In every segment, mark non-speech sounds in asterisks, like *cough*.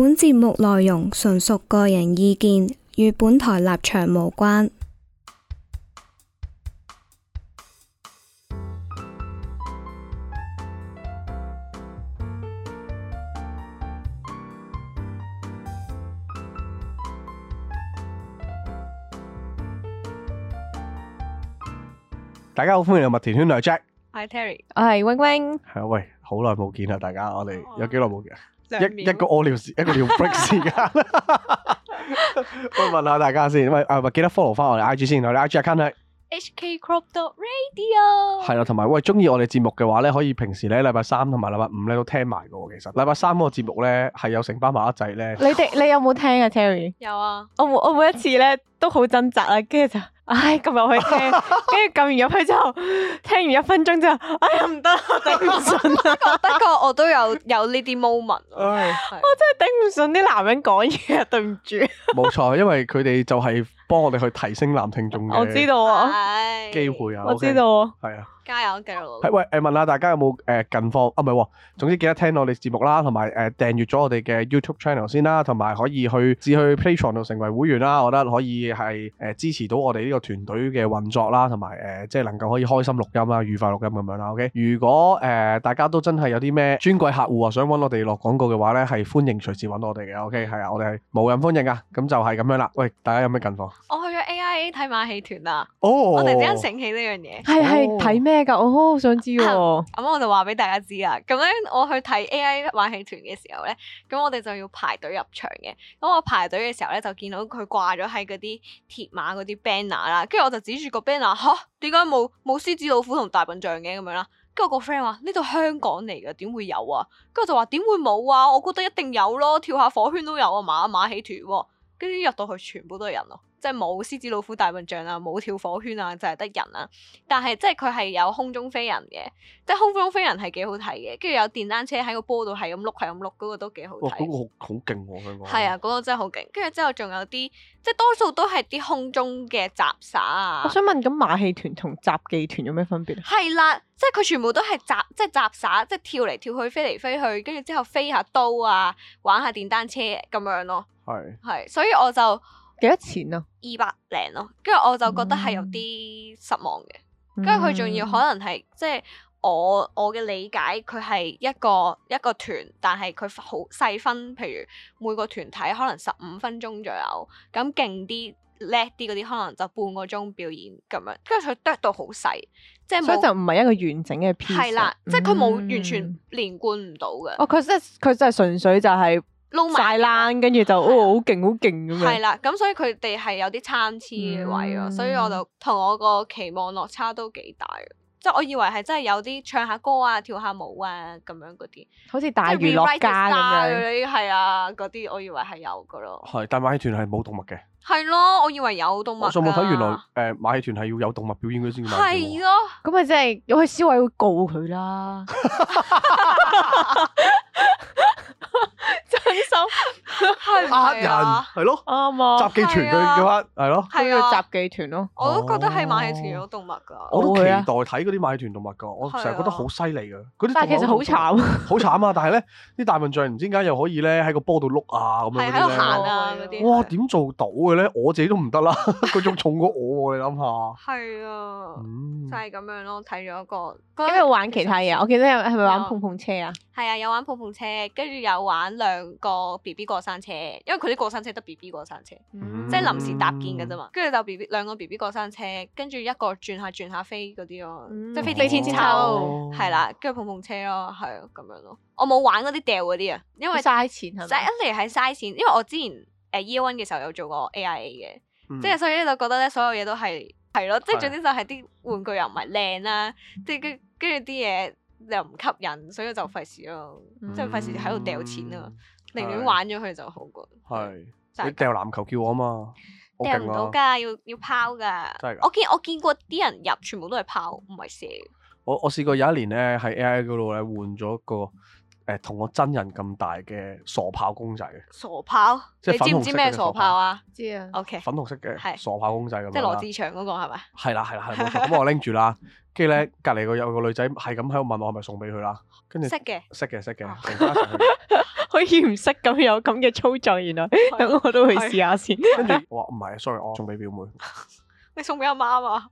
本節目內容純屬個人意見，與本台立場無關。大家好，歡迎嚟麥田圈 Jack，Hi Terry，我係 wing wing。係啊，w ing w ing 喂，好耐冇見啦，大家，我哋有幾耐冇見？一一個屙尿時，一個尿 break 時間。我 *laughs* *laughs* 問下大家先 c rop . io、啊，喂，啊，記得 follow 翻我哋 IG 先，我哋 IG account 係 HKCrop.Radio。係啦，同埋喂，中意我哋節目嘅話咧，可以平時咧禮拜三同埋禮拜五咧都聽埋嘅喎。其實禮拜三嗰個節目咧係有成班馬仔咧。你哋你有冇聽啊，Terry？有啊，我每我每一次咧都好掙扎啊，跟住就。 *laughs* 唉，撳入去聽，跟住撳完入去之後，聽完一分鐘之後，唉唔得， *laughs* *laughs* 我頂唔順啊！我的確，我都有有呢啲 moment，唉，是我真係頂唔順啲男人講嘢，對唔住。冇錯，因為佢哋就係幫我哋去提升男聽眾嘅。 *laughs* 我知道啊，機會啊，我知道，係啊。加油繼續喂，誒問下大家有冇誒、呃、近況？啊唔係，總之記得聽我哋節目啦，同埋誒訂閲咗我哋嘅 YouTube channel 先啦，同埋可以去試去 Patreon 度成為會員啦。我覺得可以係誒、呃、支持到我哋呢個團隊嘅運作啦，同埋誒即係能夠可以開心錄音啦，愉快錄音咁樣啦。OK，如果誒、呃、大家都真係有啲咩尊貴客戶啊，想揾我哋落廣告嘅話呢，係歡迎隨時揾我哋嘅。OK，係啊，我哋係無人歡迎噶。咁就係咁樣啦。喂，大家有咩近況？我去咗 AIA 睇馬戲團啊！哦，oh，我突然之間醒起呢樣嘢，係係睇咩？我好想知喎、啊嗯。咁、嗯嗯、我就話俾大家知啊。咁、嗯、咧，我去睇 A.I. 馬戲團嘅時候咧，咁、嗯、我哋就要排隊入場嘅。咁、嗯、我排隊嘅時候咧，就見到佢掛咗喺嗰啲鐵馬嗰啲 banner 啦。跟住我就指住個 banner，吓，點解冇冇獅子老虎同大笨象嘅咁樣啦？跟住我個 friend 話呢度香港嚟㗎，點會有啊？跟住我就話點會冇啊？我覺得一定有咯，跳下火圈都有啊，馬馬戲團、啊。跟住入到去，全部都係人咯、啊。即係冇獅子老虎大笨象啊，冇跳火圈啊，就係、是、得人啊。但係即係佢係有空中飛人嘅，即係空中飛人係幾好睇嘅。跟住有電單車喺個波度係咁碌，係咁碌嗰個都幾好。睇、哦。嗰個好好勁喎，係、哦、咪？係、哦哦哦哦、啊，嗰、那個真係好勁。跟住之後仲有啲，即係多數都係啲空中嘅雜耍啊。我想問，咁馬戲團同雜技團有咩分別啊？係啦、啊，即係佢全部都係雜，即係雜耍，即係跳嚟跳去，飛嚟飛去，跟住之後飛下刀啊，玩下電單車咁樣咯。係係對，所以我就。幾多錢啊？二百零咯，跟住我就覺得係有啲失望嘅。跟住佢仲要可能係即係我我嘅理解，佢係一個一個團，但係佢好細分，譬如每個團體可能十五分鐘左右，咁勁啲叻啲嗰啲可能就半個鐘表演咁樣。跟住佢剁到好細，即係冇。所以就唔係一個完整嘅片。排、嗯。係啦，即係佢冇完全連貫唔到嘅。哦，佢即係佢真係純粹就係、是。撈埋跟住就、啊、哦好勁好勁咁樣係啦，咁、啊、所以佢哋係有啲參差嘅位咯，嗯、所以我就同我個期望落差都幾大，即係我以為係真係有啲唱下歌啊、跳下舞啊咁樣嗰啲，好似大娛樂家咁、right、樣，係啊，嗰啲我以為係有噶咯。係，但馬戲團係冇動物嘅。係咯、啊，我以為有動物。我上網睇，原來誒、呃、馬戲團係要有動物表演佢先。係咯、啊，咁咪即係有去消委會告佢啦。呃，人係咯，啱啊！雜技團嘅叫乜？係咯，係啊，雜技團咯。我都覺得係馬戲團嗰動物㗎。我都期待睇嗰啲馬戲團動物㗎。我成日覺得好犀利㗎，啲動物。但其實好慘。好慘啊！但係咧，啲大笨象唔知點解又可以咧喺個波度碌啊咁樣。係喺度行啊嗰啲。哇！點做到嘅咧？我自己都唔得啦。佢仲重過我喎，你諗下。係啊，就係咁樣咯。睇咗一個，因有玩其他嘢，我記得係咪玩碰碰車啊？係啊，有玩碰碰車，跟住有玩兩個 B B 過山車。因為佢啲過山車得 B B 過山車，即係臨時搭建嘅啫嘛，跟住就 B B 兩個 B B 過山車，跟住一個轉下轉下飛嗰啲咯，即係飛天飛天秋係啦，跟住碰碰車咯，係咯，咁樣咯。我冇玩嗰啲掉嗰啲啊，因為嘥錢，係咪？即係一嚟係嘥錢。因為我之前誒 year one 嘅時候有做過 A I A 嘅，即係所以咧就覺得咧所有嘢都係係咯，即係總之就係啲玩具又唔係靚啦，即係跟跟住啲嘢又唔吸引，所以就費事咯，即係費事喺度掉錢啊嘛。寧願玩咗佢就好過。係，你掟籃球叫我啊嘛，掟唔到㗎，要要拋㗎。真係㗎，我見我見過啲人入，全部都係拋，唔係射。我我試過有一年咧喺 AI 嗰度咧換咗個誒同我真人咁大嘅傻炮公仔。傻炮？你知唔知咩傻炮啊？知啊，OK。粉紅色嘅係傻炮公仔咁。即係羅志祥嗰個係咪？係啦係啦係啦。咁我拎住啦，跟住咧隔離個有個女仔係咁喺度問我係咪送俾佢啦？跟住識嘅，識嘅識嘅。可以唔識咁有咁嘅操作，原來咁我都去試下先。跟住，我哇，唔係啊，sorry，我送俾表妹。你送俾阿媽啊？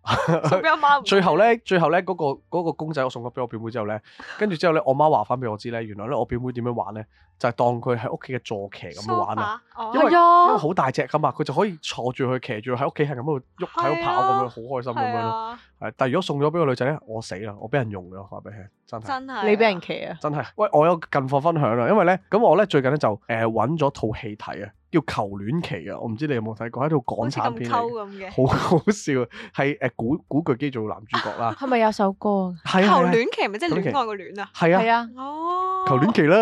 送俾阿媽。最後咧，最後咧，嗰個嗰個公仔我送咗俾我表妹之後咧，跟住之後咧，我媽話翻俾我知咧，原來咧我表妹點樣玩咧，就係當佢喺屋企嘅坐騎咁樣玩啊。因為好大隻噶嘛，佢就可以坐住佢，騎住佢喺屋企喺咁度喐，喺度跑咁樣，好開心咁樣咯。係，但係如果送咗俾個女仔咧，我死啦，我俾人用噶，話俾你聽。真係，你俾人騎啊！真係，喂，我有近況分享啦，因為呢，咁我咧最近呢，就誒揾咗套戲睇啊，叫《求戀期》啊，我唔知你有冇睇過，係套港產片嚟嘅，好好笑，係誒、呃、古古巨基做男主角啦。係咪 *laughs* 有首歌？係啊，係啊，係啊。求戀期係咪即係戀愛嘅戀啊？係啊。哦。求戀期啦。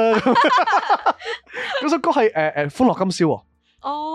嗰首歌係誒誒《歡樂今宵》。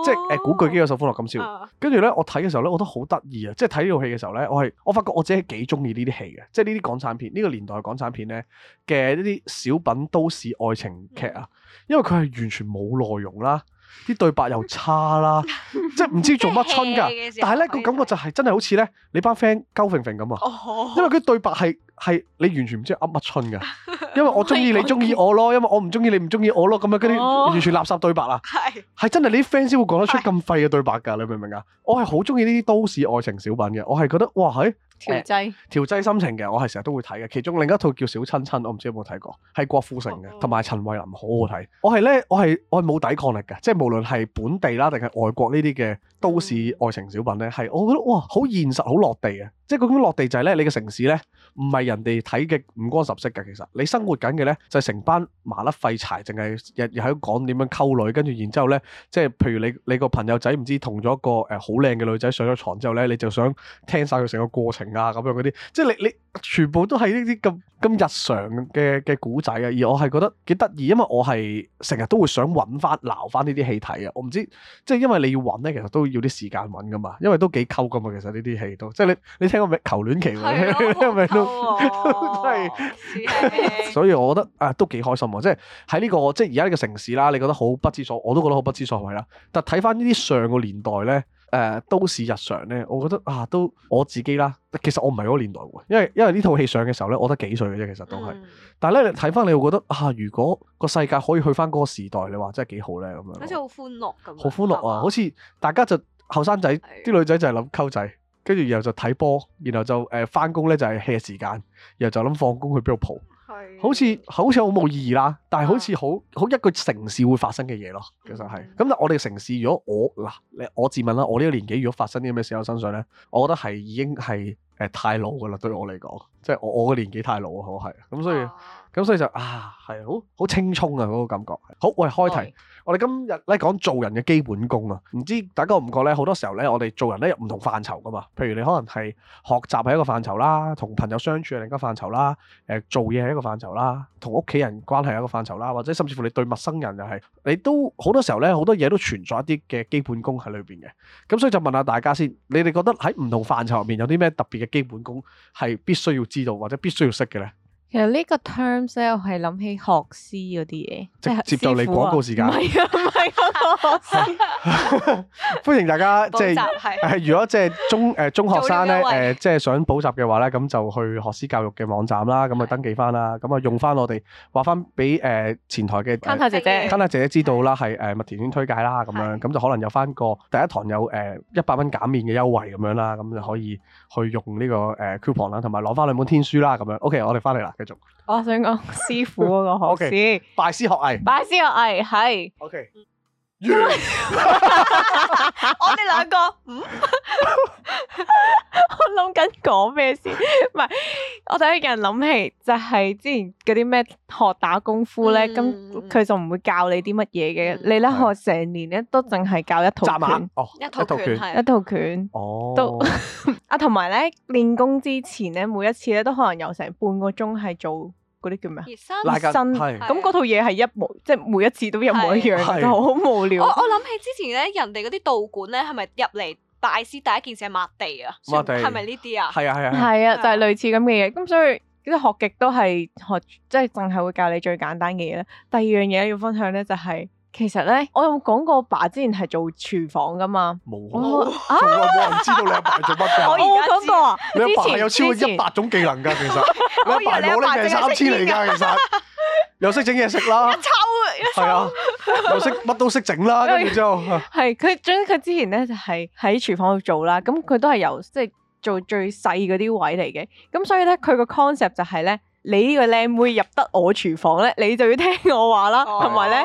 即係誒、呃，古巨基有首《歡樂今宵》，跟住咧，我睇嘅時候咧，我都好得意啊！即係睇呢套戲嘅時候咧，我係我發覺我自己幾中意呢啲戲嘅，即係呢啲港產片，呢、這個年代嘅港產片咧嘅呢啲小品都市愛情劇啊，因為佢係完全冇內容啦，啲對白又差啦， *laughs* 即係唔知做乜春噶，但係咧個感覺就係真係好似咧你班 friend 鳩縫縫咁啊，因為佢對白係係你完全唔知噏乜春噶。 *laughs* 因為我中意你中意我咯，因為我唔中意你唔中意我咯，咁樣跟住完全垃圾對白啊！係係、哦、真係你啲 fans 先會講得出咁廢嘅對白噶，是你明唔明啊？我係好中意呢啲都市愛情小品嘅，我係覺得哇，嘿調劑調劑心情嘅，我係成日都會睇嘅。其中另一套叫《小親親》，我唔知有冇睇過，係郭富城嘅，同埋陳慧琳，好好睇。我係呢，我係我係冇抵抗力嘅，即係無論係本地啦，定係外國呢啲嘅都市愛情小品呢，係、嗯、我覺得哇，好現實，好落地啊！即係嗰種落地就係咧，你嘅城市呢？唔係人哋睇嘅五光十色嘅，其實你生活緊嘅咧就係成班麻甩廢柴，淨係日日喺度講點樣溝女，跟住然之後咧，即係譬如你你個朋友仔唔知同咗一個誒好靚嘅女仔上咗床之後咧，你就想聽晒佢成個過程啊咁樣嗰啲，即係你你全部都係呢啲咁咁日常嘅嘅古仔啊，而我係覺得幾得意，因為我係成日都會想揾翻撈翻呢啲戲睇啊！我唔知即係因為你要揾咧，其實都要啲時間揾噶嘛，因為都幾溝噶嘛，其實呢啲戲都即係你你聽過咩求戀期 *laughs* 都係的 *noise* 和，所以我覺得啊，都幾開心啊！即係喺呢個即係而家呢個城市啦，你覺得好不知所，我都覺得好不知所謂啦。但睇翻呢啲上個年代呢，誒、啊，都是日常呢。我覺得啊，都我自己啦。其實我唔係嗰個年代喎，因為因為呢套戲上嘅時候呢，我得幾歲嘅啫。其實都係，但係咧，你睇翻你會覺得啊，如果個世界可以去翻嗰個時代，你話真係幾好呢？咁樣,樣。好似好歡樂咁，好歡樂啊！吧好似大家就後嗎生仔，啲女仔就係諗溝仔。跟住然後就睇波，然後就誒返工咧就係 hea 時間，然後就諗放工去邊度蒲，好似好似好冇意義啦，啊、但係好似好好一個城市會發生嘅嘢咯，其實係。咁、嗯嗯、但係我哋城市如果我嗱，我自問啦，我呢個年紀如果發生啲咁嘅事喺我身上咧，我覺得係已經係誒、呃、太老噶啦，對我嚟講，即係我我嘅年紀太老好啊，我係。咁所以咁所以就啊，係好好青蔥啊嗰個感覺。好，我喂，開題。嗯我哋今日咧講做人嘅基本功啊，唔知大家覺唔覺咧好多時候咧，我哋做人咧有唔同範疇噶嘛。譬如你可能係學習係一個範疇啦，同朋友相處係另一個範疇啦，誒、呃、做嘢係一個範疇啦，同屋企人關係係一個範疇啦，或者甚至乎你對陌生人又係，你都好多時候咧好多嘢都存在一啲嘅基本功喺裏邊嘅。咁所以就問下大家先，你哋覺得喺唔同範疇入面有啲咩特別嘅基本功係必須要知道或者必須要識嘅咧？其實呢個 terms 咧，我係諗起學師嗰啲嘢，即係接到你廣告時間，唔係啊，唔係、啊、學師歡迎大家即係係如果即係中誒中學生咧誒，即係想補習嘅話咧，咁就去學師教育嘅網站啦，咁啊登記翻啦，咁啊用翻我哋話翻俾誒前台嘅，前台姐姐，前台、呃、姐姐知道啦，係誒麥田圈推介啦，咁樣咁就可能有翻個第一堂有誒一百蚊減免嘅優惠咁樣啦，咁就可以去用呢個誒 coupon 啦，同埋攞翻兩本天書啦，咁樣，OK，我哋翻嚟啦。繼續，我想講師傅嗰、啊、 *laughs* 個學師，Okay. 拜師學藝，拜師學藝係。Yeah! *laughs* *laughs* 我哋兩個，嗯、 *laughs* 我諗緊講咩先？唔 *laughs* 係，我第一時間諗起，就係之前嗰啲咩學打功夫咧，咁佢、嗯、就唔會教你啲乜嘢嘅，你咧學成年咧都淨係教一套拳，一套拳一套拳，套拳哦、都啊，同埋咧練功之前咧，每一次咧都可能有成半個鐘係做。嗰啲叫咩啊？熱身新。咁嗰套嘢係一模，即、就、係、是、每一次都一模一樣，好是無聊。我我諗起之前咧，人哋嗰啲道館咧，係咪入嚟大師第一件事係抹地啊？抹地係咪呢啲啊？係啊係啊係啊，就係、是、類似咁嘅嘢。咁所以啲學極都係學，即係淨係會教你最簡單嘅嘢啦。第二樣嘢要分享咧、就是，就係。其實咧，我有講過，爸之前係做廚房噶嘛。冇啊！哦、啊，我唔知道你阿爸、爸做乜噶。我冇講過啊。你阿爸係有超過一百種技能噶，其實。前 *laughs* 你阿爸冇咧係三千嚟噶，其實。又識整嘢食啦。抽。 *laughs* 係啊，又識乜都識整啦，叫做。係佢，總之佢之前咧就係喺廚房度做啦。咁佢 *laughs* 後 *laughs* *laughs* 都係由即係、就是、做最細嗰啲位嚟嘅。咁所以咧，佢個 concept 就係咧。你呢個靚妹入得我廚房咧，你就要聽我話啦，同埋咧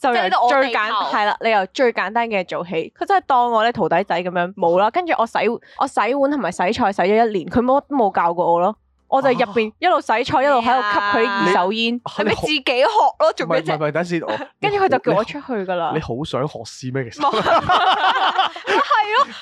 就是、由最簡係啦，你由最簡單嘅嘢做起。佢真係當我咧徒弟仔咁樣冇啦，跟住我，我洗碗同埋洗菜洗咗一年，佢冇冇教過我咯。我就入邊一路洗菜，啊、一路喺度吸佢二手煙，係咪、啊、自己學咯？做咩？唔係唔係，等跟住佢就叫我出去噶啦。你好想學師咩？係咯，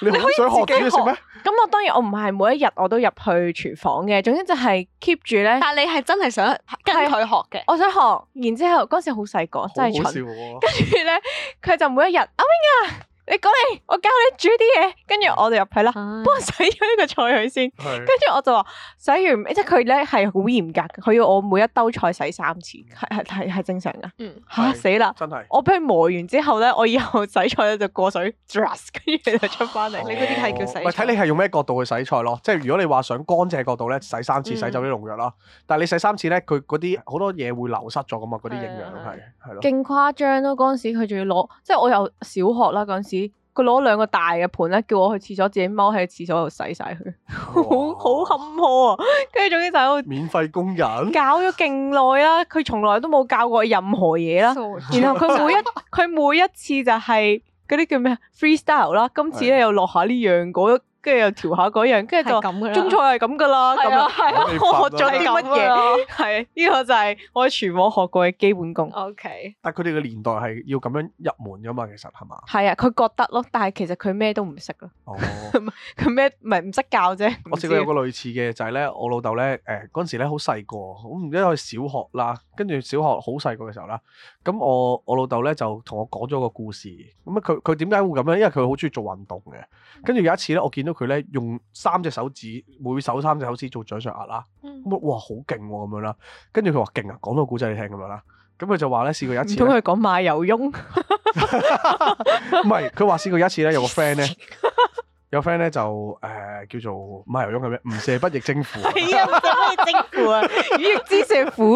你好想你可以自己學咩？咁我當然我唔係每一日我都入去廚房嘅，總之就係 keep 住咧。但係你係真係想跟佢學嘅，我想學。然之後嗰時好細個，真係蠢。跟住咧，佢就每一日阿 Wing 啊。A 你過嚟，我教你煮啲嘢，跟住我哋入去啦。幫我洗咗呢個菜佢先，跟住我就話洗完，即係佢咧係好嚴格，佢要我每一兜菜洗三次，係係係係正常噶。吓、嗯啊、死啦！真係我俾佢磨完之後咧，我以後洗菜咧就過水 drass，跟住就出翻嚟。哦、你嗰啲係叫洗菜？喂、哦，睇你係用咩角度去洗菜咯？即係如果你話想乾淨角度咧，洗三次洗走啲農藥咯。嗯、但係你洗三次咧，佢嗰啲好多嘢會流失咗噶嘛？嗰啲、嗯、營養係係咯。勁誇張咯！嗰陣時佢仲要攞，即係我由小學啦嗰陣時。佢攞兩個大嘅盤咧，叫我去廁所自己踎喺廁所度洗晒。佢哇，好好坎坷啊！跟住總之就係免費工人，搞咗勁耐啦，佢從來都冇教過任何嘢啦。然後佢每一，佢每一次就係嗰啲叫咩 freestyle 啦，今次咧的又落下呢樣嗰。跟住又調下嗰樣，跟住就中菜係咁噶啦。係啊，係啊， *laughs* 我學咗啲乜嘢？係呢個就係我喺廚房學過嘅基本功。O Okay . K，但係佢哋嘅年代係要咁樣入門噶嘛，其實係嘛？係啊，佢覺得咯，但係其實佢咩都唔識啊。哦、oh. *laughs* 佢咩唔係唔識教啫？知我識有，過有個類似嘅，就係、是、咧、欸，我老豆咧，誒嗰陣時咧好細個，唔記得係小學啦。跟住小學好細個嘅時候啦，咁我我老豆咧就同我講咗個故事，咁啊佢佢點解會咁樣？因為佢好中意做運動嘅。跟住有一次咧，我見到佢咧用三隻手指，每手三隻手指做掌上壓啦，咁、嗯嗯、啊哇好勁喎咁樣啦。跟住佢話勁啊，講到古仔你聽咁樣啦。咁、嗯、佢就話咧試過一次，咁佢講賣油翁？唔 *laughs* 係， *laughs* 佢話試過一次咧，有個 friend 咧。 *laughs* 有 friend 咧就誒、呃、叫做唔係游泳嘅咩？唔射不亦征服？係啊，唔射可以征服啊！魚躍之石虎。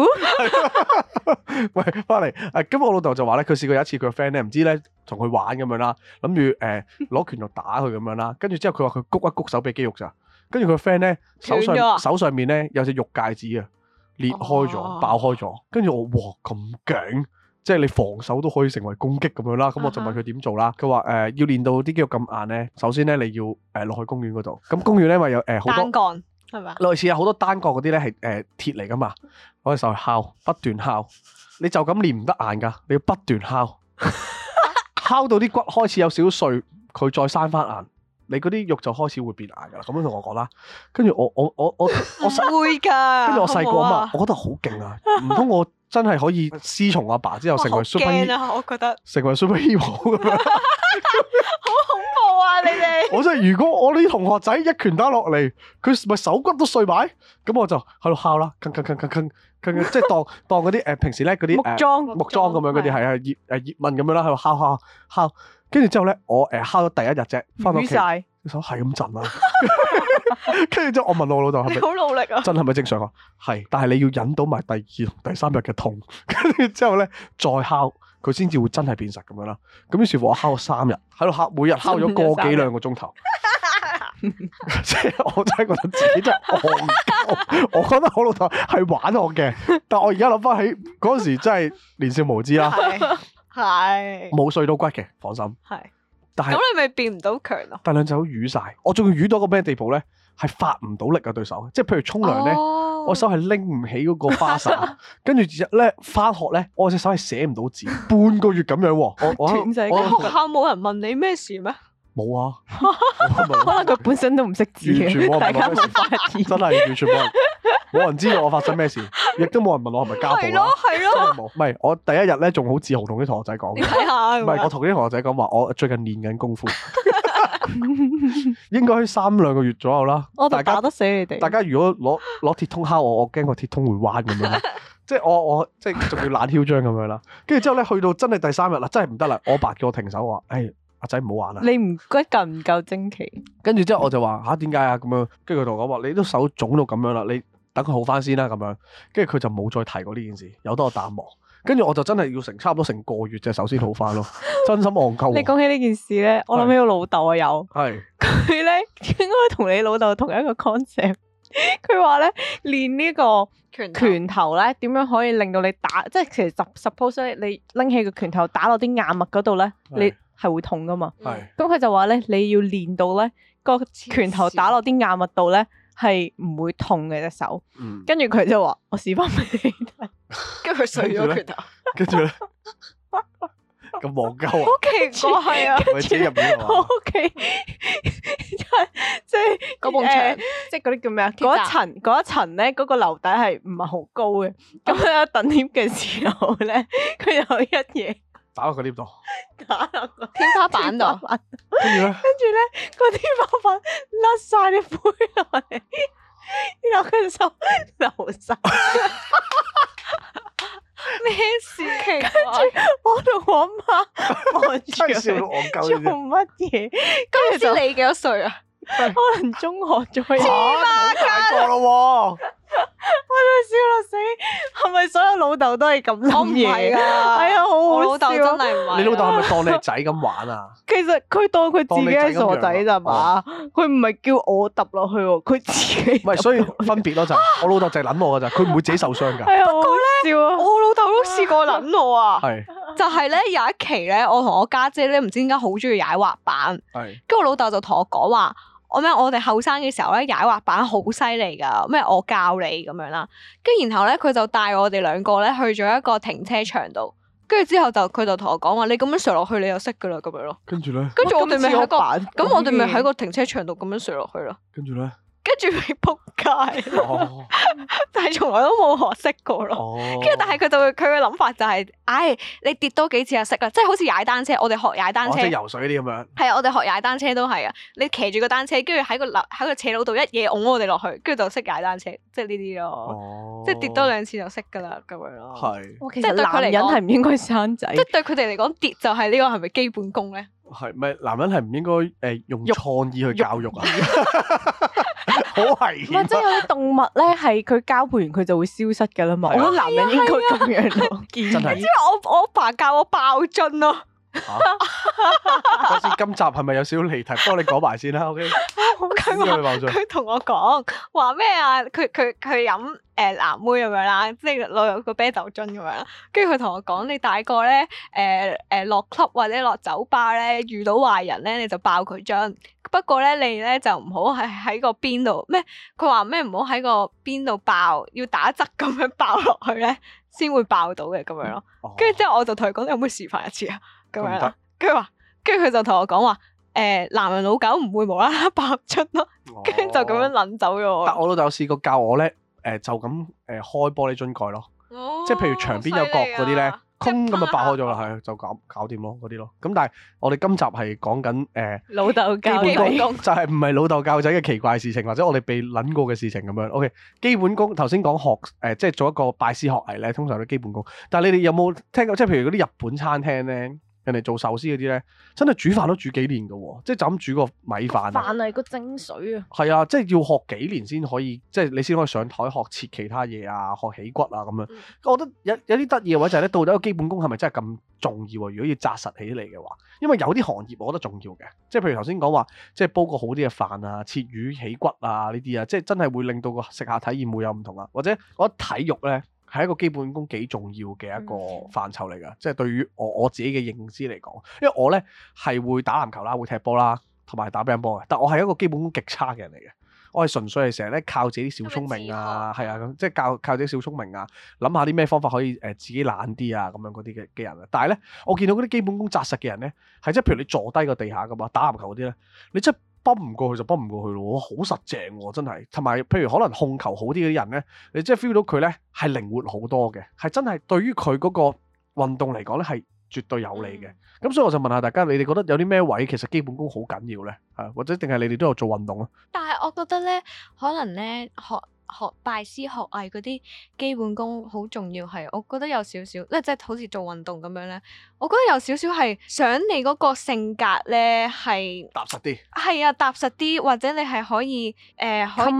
喂，翻嚟，誒，咁、呃、我老豆就話咧，佢試過有一次佢個 friend 咧，唔知咧同佢玩咁樣啦，諗住誒攞拳嚟打佢咁樣啦，跟住之後佢話佢谷一谷手臂肌肉咋，跟住佢個 friend 咧手上了手上面咧有隻肉戒指啊裂開咗，爆開咗，跟住我哇咁勁！即係你防守都可以成為攻擊咁樣啦，咁我就問佢點做啦。佢話誒要練到啲肌肉咁硬咧，首先咧你要誒落、呃、去公園嗰度。咁公園咧，因為有誒好多單槓係嘛，類似有好多單槓嗰啲咧係誒鐵嚟噶嘛，我可以去敲，不斷敲。你就咁練唔得硬噶，你要不斷敲， *laughs* 敲到啲骨開始有少少碎，佢再生翻硬，你嗰啲肉就開始會變硬噶啦。咁樣同我講啦。跟住我我我我我會㗎。 *laughs* *laughs* 跟住我細個啊嘛，我覺得好勁啊，唔通我？ *laughs* 真係可以師從阿爸之後成為 superman、啊、我覺得、成為 superhero 咁樣，好恐怖啊！你哋 *laughs* 我真、就、係、是、如果我啲同學仔一拳打落嚟，佢咪手骨都碎埋，咁我就喺度敲啦，即係當當嗰啲誒平時咧嗰啲木樁木樁咁樣嗰啲係啊葉誒葉問咁樣啦，喺度敲敲敲，跟住之後咧我誒敲咗第一日啫，翻屋企手係咁震啊。打 *laughs* *laughs* 跟住之後，我問我老豆：係咪好努力啊！真係咪正常啊？係，但係你要忍到埋第二同第三日嘅痛，跟住之後咧再敲，佢先至會真係變實咁樣啦。咁於是乎，我敲咗三日，喺度敲，每日敲咗個幾兩個鐘頭。即係、啊、 *laughs* *laughs* 我真係覺得自己真係戇，我覺得我老豆係玩我嘅。但我而家諗翻起嗰時真係年少無知啦。係冇 *laughs* 碎到骨嘅，放心。係，但係咁你咪變唔到強咯。但兩隻瘀晒，我仲要瘀到個咩地步咧？係發唔到力啊！對手，即係譬如沖涼咧，我手係拎唔起嗰個花灑，跟住咧返學咧，我隻手係寫唔到字， *laughs* 半個月咁樣喎。我我，我學校冇人問你咩事咩？冇啊，可能佢本身都唔識字，真係完全冇人，冇人知道我發生咩事，亦都冇人問我係咪家暴咯，係咯，真係冇。唔係我第一日咧，仲好自豪同啲同學仔講，唔係我同啲同學仔講話，我最近練緊功夫，應該三兩個月左右啦。我都打得死你哋。大家如果攞攞鐵通敲我，我驚個鐵通會彎咁樣，即係我我即係仲要懶囂張咁樣啦。跟住之後咧，去到真係第三日啦，真係唔得啦，我阿爸叫我停手話，誒。阿仔唔好玩啦！你唔骨夠唔夠精奇？跟住之後我就話吓點解啊咁、啊、樣？跟住佢同我話：你都手腫到咁樣啦，你等佢好翻先啦咁樣。跟住佢就冇再提過呢件事，有得我淡忘。跟住 *laughs* 我就真係要成差唔多成個月隻手先好翻咯， *laughs* 真心戇鳩、啊。你講起呢件事咧，我諗起我老豆啊有，係佢咧應該同你老豆同一個 concept。佢話咧練呢練個拳頭咧，點樣可以令到你打？即係其實 suppose 咧，你拎起個拳頭打落啲硬物嗰度咧，你。係會痛噶嘛？咁佢、嗯、就話咧，你要練到咧個拳頭打落啲硬物度咧，係唔會痛嘅隻手。跟住佢就話，我試翻俾你睇。跟住佢碎咗拳頭。跟住咧咁戇鳩啊好！好奇怪啊！我唔知入邊啊！好奇 *laughs* 即係、嗯、即係嗰埲牆，即係嗰啲叫咩啊？嗰一層嗰一層咧，嗰、嗰個樓底係唔係好高嘅？咁喺度等 lift 嘅時候咧，佢又有一嘢。打到佢呢度，打到天花板度，跟住咧，個天花板甩晒啲灰落嚟，然後佢就走走，咩事？跟住我同我阿媽，真係笑到戇鳩，做乜嘢？跟住就你幾多歲啊？可能中學再大個咯，我真係笑到死，係咪所有老豆都係咁諗嘢啊？係啊，好好老豆真係唔玩。你老豆係咪當你係仔咁玩啊？其實佢當佢自己係傻仔咋嘛？佢唔係叫我揼落去，佢自己唔係，所以分別咯就係我老豆就係諗我噶咋，佢唔會自己受傷噶。好笑啊！我老豆都試過諗我啊，係就係咧，有一期咧，我同我家姐咧唔知點解好中意踩滑板，係，跟住我老豆就同我講話。我咩？我哋後生嘅時候咧，踩滑板好犀利噶。咩？我教你咁樣啦。跟住然後咧，佢就帶我哋兩個咧去咗一個停車場度。跟住之後就，佢就同我講話：你咁樣垂落去，你就識噶啦，咁樣咯。跟住咧，跟住我哋咪喺個，咁我哋咪喺個停車場度咁樣垂落去咯。跟住咧。跟住佢撲街，哦、 *laughs* 但係從來都冇學識過咯、哦。跟住但係佢就佢嘅諗法就係、是，唉、哎，你跌多幾次就識啦，即係好似踩單車，我哋學踩單車，即游水啲咁樣。係啊，我哋學踩單車都係啊，你騎住個單車，跟住喺個樓喺個斜路度一嘢㧬我哋落去，跟住就識踩單車，即係呢啲咯。哦、即係跌多兩次就識噶啦，咁樣咯。係、哦，即係男人係唔應該生仔。即係對佢哋嚟講，跌就係呢、這個係咪基本功咧？係咪男人係唔應該誒、呃、用創意去教育啊？ *laughs* 好係，唔係即係有啲動物咧，係佢交配完佢就會消失嘅啦嘛。我覺得男人應該咁樣咯，堅。你知我阿爸教我爆樽咯、啊 *laughs* 啊。 *laughs* 今集係咪有少少離題？幫你講埋先啦，OK。 *laughs* 佢同我講話咩啊？佢佢佢飲誒、呃、藍妹咁樣啦，即係攞個啤酒樽咁樣。跟住佢同我講：你大個咧，誒、呃、誒、呃呃、落 club 或者落酒吧咧，遇到壞人咧，你就爆佢樽。不過咧，你咧就唔好係喺個邊度咩？佢話咩唔好喺個邊度爆，要打側咁樣爆落去咧，先會爆到嘅咁樣咯。跟住之後，我就同佢講，你有冇示範一次啊？咁樣，樣跟住話，跟住佢就同我講話，誒，男人老狗唔會無啦啦爆出咯，跟住就咁樣捻走咗。哦、我老豆有試過教我咧，誒、呃，就咁誒、呃、開玻璃樽蓋咯，哦、即係譬如牆邊有角嗰啲咧。空咁就爆開咗啦，係就搞搞掂咯，嗰啲咯。咁但係我哋今集係講緊誒老豆教基本功，就係唔係老豆教仔嘅奇怪事情，或者我哋被撚過嘅事情咁樣。Okay，基本功，頭先講學誒、呃，即係做一個拜師學藝咧，通常都基本功。但係你哋有冇聽過？即係譬如嗰啲日本餐廳咧？人哋做壽司嗰啲咧，真係煮飯都煮幾年㗎喎，即係就咁煮個米飯。飯係個精髓啊！係啊，即係要學幾年先可以，即係你先可以上台學切其他嘢啊，學起骨啊咁樣。嗯、我覺得有有啲得意嘅話就係、是、咧，到底個基本功係咪真係咁重要、啊？如果要紮實起嚟嘅話，因為有啲行業我覺得重要嘅，即係譬如頭先講話，即係煲個好啲嘅飯啊，切魚起骨啊呢啲啊，即係真係會令到個食客體驗會有唔同啊。或者我覺得體育咧。係一個基本功幾重要嘅一個範疇嚟㗎，即係對於我我自己嘅認知嚟講，因為我呢係會打籃球啦，會踢波啦，同埋打乒乓波嘅，但我係一個基本功極差嘅人嚟嘅，我係純粹係成日咧靠自己小聰明啊，係、嗯、啊，咁即係靠靠自己小聰明啊，諗下啲咩方法可以誒、呃、自己懶啲啊，咁樣嗰啲嘅嘅人啊，但係呢，我見到嗰啲基本功紮實嘅人呢，係即係譬如你坐低個地下咁啊，打籃球嗰啲呢。你真。崩唔過去就崩唔過去咯，好實正喎、啊，真係。同埋譬如可能控球好啲嘅人呢，你真係 feel 到佢呢係靈活好多嘅，係真係對於佢嗰個運動嚟講呢係絕對有利嘅。咁、嗯、所以我就問下大家，你哋覺得有啲咩位其實基本功好緊要呢？啊，或者定係你哋都有做運動啊？但係我覺得呢，可能呢。學。學拜師學藝嗰啲基本功好重要，係我覺得有少少，即係即係好似做運動咁樣咧。我覺得有少少係想你嗰個性格咧係踏實啲，係啊，踏實啲，或者你係可以誒、呃，可以，